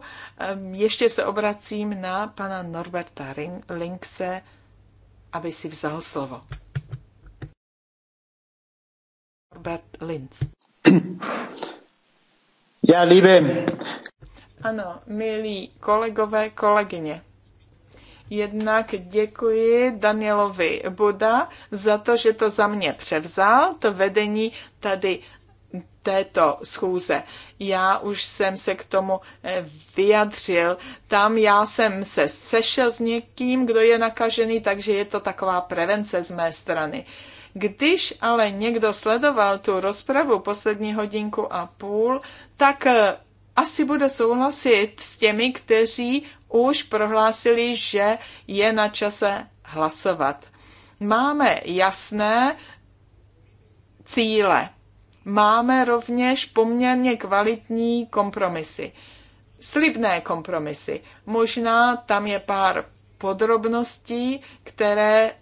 ještě se obracím na pana Norberta Linkse, aby si vzal slovo. Norbert Linz. Já líbím. Ano, milí kolegové, kolegyně. Jednak děkuji Danielovi Buda za to, že to za mě převzal, to vedení tady této schůze. Já už jsem se k tomu eh, vyjadřil. Tam já jsem se sešel s někým, kdo je nakažený, takže je to taková prevence z mé strany. Když ale někdo sledoval tu rozpravu poslední hodinku a půl, tak eh, asi bude souhlasit s těmi, kteří už prohlásili, že je na čase hlasovat. Máme jasné cíle. Máme rovněž poměrně kvalitní kompromisy. Slibné kompromisy. Možná tam je pár podrobností, které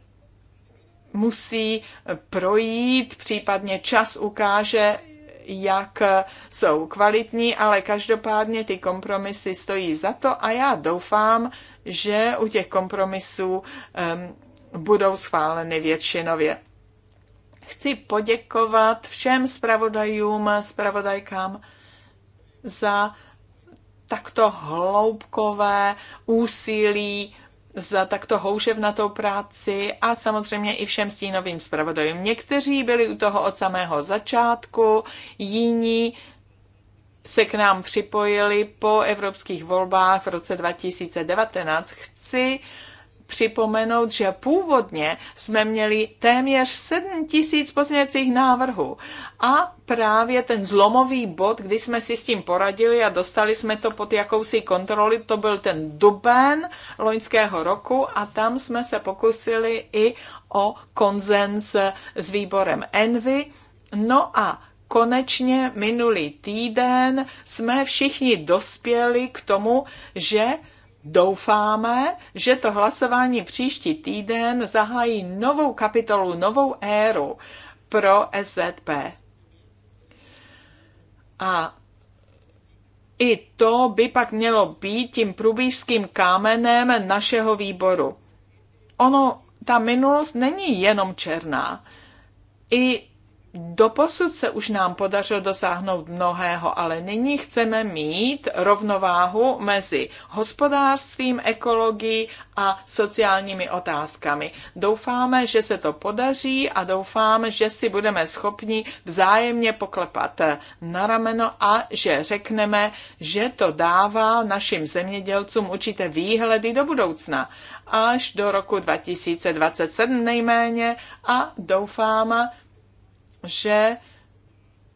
musí projít, případně čas ukáže, jak jsou kvalitní, ale každopádně ty kompromisy stojí za to a já doufám, že u těch kompromisů um, budou schváleny většinově. Chci poděkovat všem zpravodajům, zpravodajkám za takto hloubkové úsilí za takto houževnatou práci a samozřejmě i všem stínovým zpravodajům. Někteří byli u toho od samého začátku, jiní se k nám připojili po evropských volbách v roce 2019. Chci připomenout, že původně jsme měli téměř 7 tisíc pozměňovacích návrhů a právě ten zlomový bod, kdy jsme si s tím poradili a dostali jsme to pod jakousi kontroli, to byl ten duben loňského roku a tam jsme se pokusili i o konzens s výborem Envy. No a konečně minulý týden jsme všichni dospěli k tomu, že Doufáme, že to hlasování příští týden zahájí novou kapitolu, novou éru pro SZP. A i to by pak mělo být tím průbížským kámenem našeho výboru. Ono, ta minulost není jenom černá. I Doposud se už nám podařilo dosáhnout mnohého, ale nyní chceme mít rovnováhu mezi hospodářstvím, ekologií a sociálními otázkami. Doufáme, že se to podaří a doufáme, že si budeme schopni vzájemně poklepat na rameno a že řekneme, že to dává našim zemědělcům určité výhledy do budoucna až do roku 2027 nejméně a doufáme, že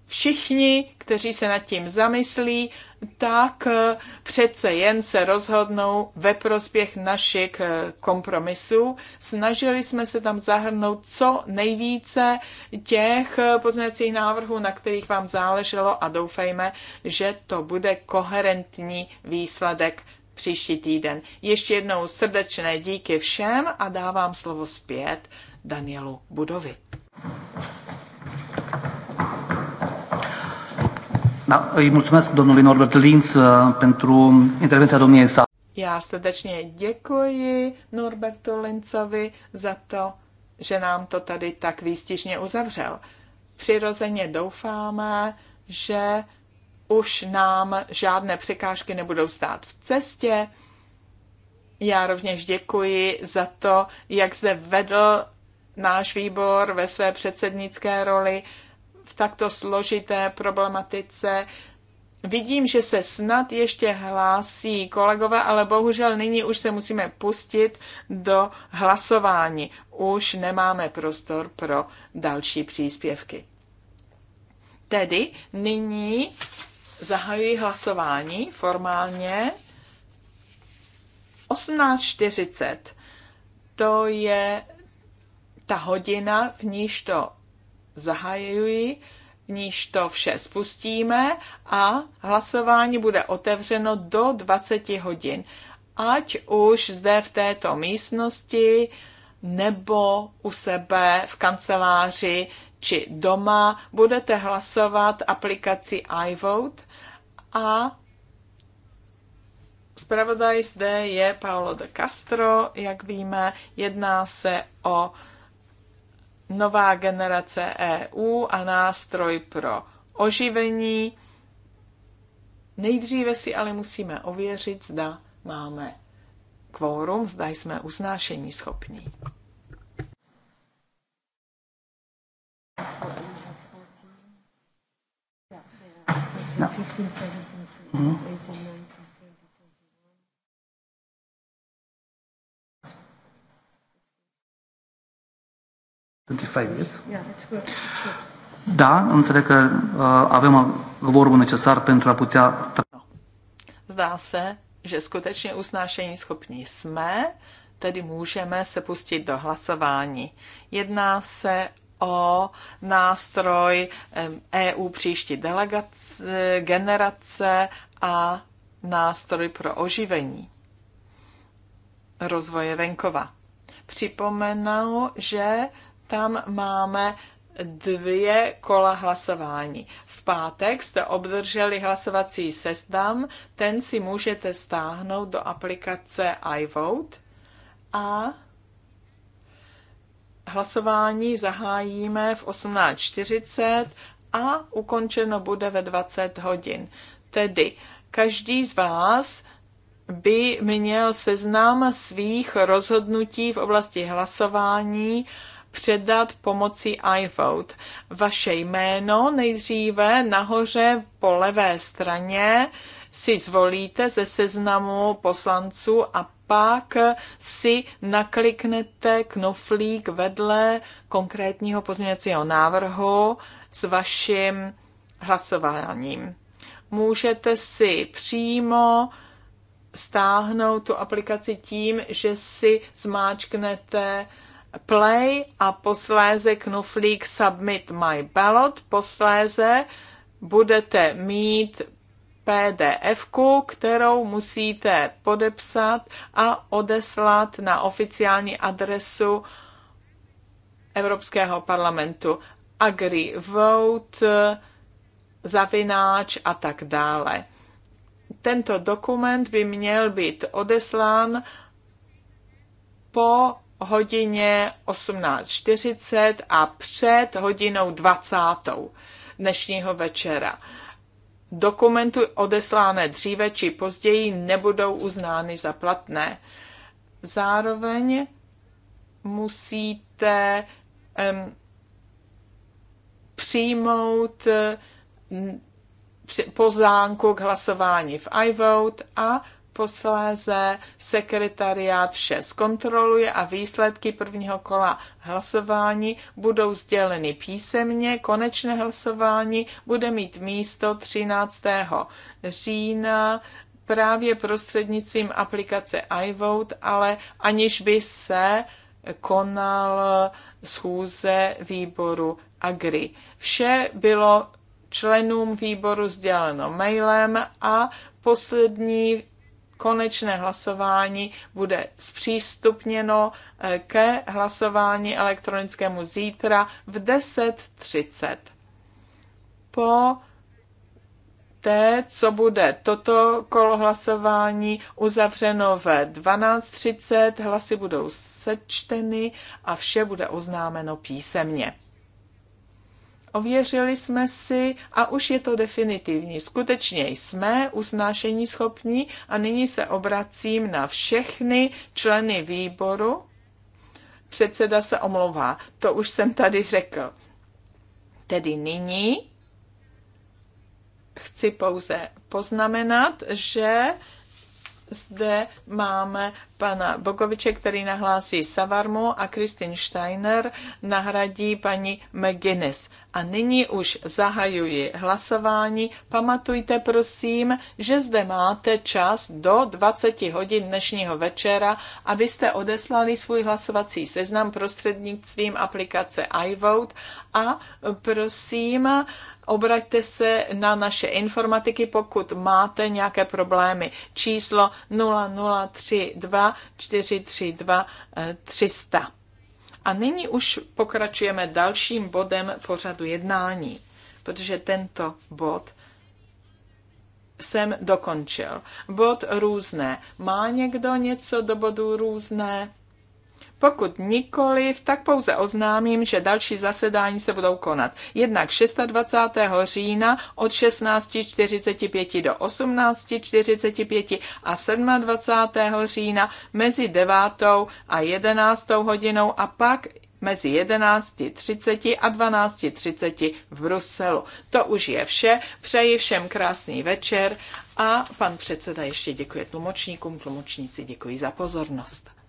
všichni, kteří se nad tím zamyslí, tak eh, přece jen se rozhodnou ve prospěch našich eh, kompromisů. Snažili jsme se tam zahrnout co nejvíce těch eh, pozměňovacích návrhů, na kterých vám záleželo a doufejme, že to bude koherentní výsledek příští týden. Ještě jednou srdečné díky všem a dávám slovo zpět Danielu Budovi. Da, îi mulțumesc domnului Norbert Linz eh, pentru intervenția domniei sa. Já srdečně děkuji Norbertu Lincovi za to, že nám to tady tak výstižně uzavřel. Přirozeně doufáme, že už nám žádné překážky nebudou stát v cestě. Já rovněž děkuji za to, jak zde vedl náš výbor ve své předsednické roli takto složité problematice. Vidím, že se snad ještě hlásí kolegové, ale bohužel nyní už se musíme pustit do hlasování. Už nemáme prostor pro další příspěvky. Tedy nyní zahajuji hlasování formálně 18.40. To je ta hodina, v níž to zahajuji, v níž to vše spustíme a hlasování bude otevřeno do 20 hodin. Ať už zde v této místnosti nebo u sebe v kanceláři či doma budete hlasovat aplikací iVote a Spravodaj zde je Paolo de Castro, jak víme, jedná se o nová generace EU a nástroj pro oživení. Nejdříve si ale musíme ověřit, zda máme kvórum, zda jsme uznášení schopní. No. 15, 17, 18, 25 years. Da, înțeleg că uh, avem vorbul necesar pentru a putea... Zdá se, že skutečně usnášení schopní jsme, tedy můžeme se pustit do hlasování. Jedná se o nástroj EU e příští delegace, generace a nástroj pro oživení rozvoje venkova. Připomenu, že tam máme dvě kola hlasování. V pátek jste obdrželi hlasovací seznam, ten si můžete stáhnout do aplikace iVote a hlasování zahájíme v 18.40 a ukončeno bude ve 20 hodin. Tedy každý z vás by měl seznam svých rozhodnutí v oblasti hlasování předat pomocí iVote. Vaše jméno nejdříve nahoře po levé straně si zvolíte ze seznamu poslanců a pak si nakliknete knoflík vedle konkrétního pozměňovacího návrhu s vaším hlasováním. Můžete si přímo stáhnout tu aplikaci tím, že si zmáčknete Play a posléze knuflík Submit My Ballot. Posléze budete mít pdf, kterou musíte podepsat a odeslat na oficiální adresu Evropského parlamentu agrivote, zavináč a tak dále. Tento dokument by měl být odeslán po hodině 18.40 a před hodinou 20. dnešního večera. Dokumenty odeslány dříve či později nebudou uznány za platné. Zároveň musíte um, přijmout pozvánku k hlasování v iVote a posléze sekretariát vše zkontroluje a výsledky prvního kola hlasování budou sděleny písemně. Konečné hlasování bude mít místo 13. října právě prostřednictvím aplikace iVote, ale aniž by se konal schůze výboru Agri. Vše bylo členům výboru sděleno mailem a poslední konečné hlasování bude zpřístupněno eh, ke hlasování elektronickému zítra v 10.30. Po té, co bude toto kolo hlasování uzavřeno ve 12.30, hlasy budou sečteny a vše bude oznámeno písemně. Ověřili jsme si a už je to definitivní. Skutečně jsme usnášení schopní a nyní se obracím na všechny členy výboru. Předseda se omlouvá, to už jsem tady řekl. Tedy nyní chci pouze poznamenat, že zde máme pana Bokoviče, který nahlásí Savarmu a Kristin Steiner nahradí paní McGuinness. A nyní už zahajuji hlasování. Pamatujte prosím, že zde máte čas do 20 hodin dnešního večera, abyste odeslali svůj hlasovací seznam prostřednictvím aplikace iVote a prosím, Obraťte se na naše informatiky, pokud máte nějaké problémy. Číslo 0032 432 300. A nyní už pokračujeme dalším bodem pořadu jednání, protože tento bod jsem dokončil. Bod různé. Má někdo něco do bodu různé? Pokud nikoliv, tak pouze oznámím, že další zasedání se budou konat. Jednak 26. října od 16.45 do 18.45 a 27. října mezi 9. a 11. hodinou a pak mezi 11.30 a 12.30 v Bruselu. To už je vše. Přeji všem krásný večer a pan předseda ještě děkuje tlumočníkům. Tlumočníci děkuji za pozornost.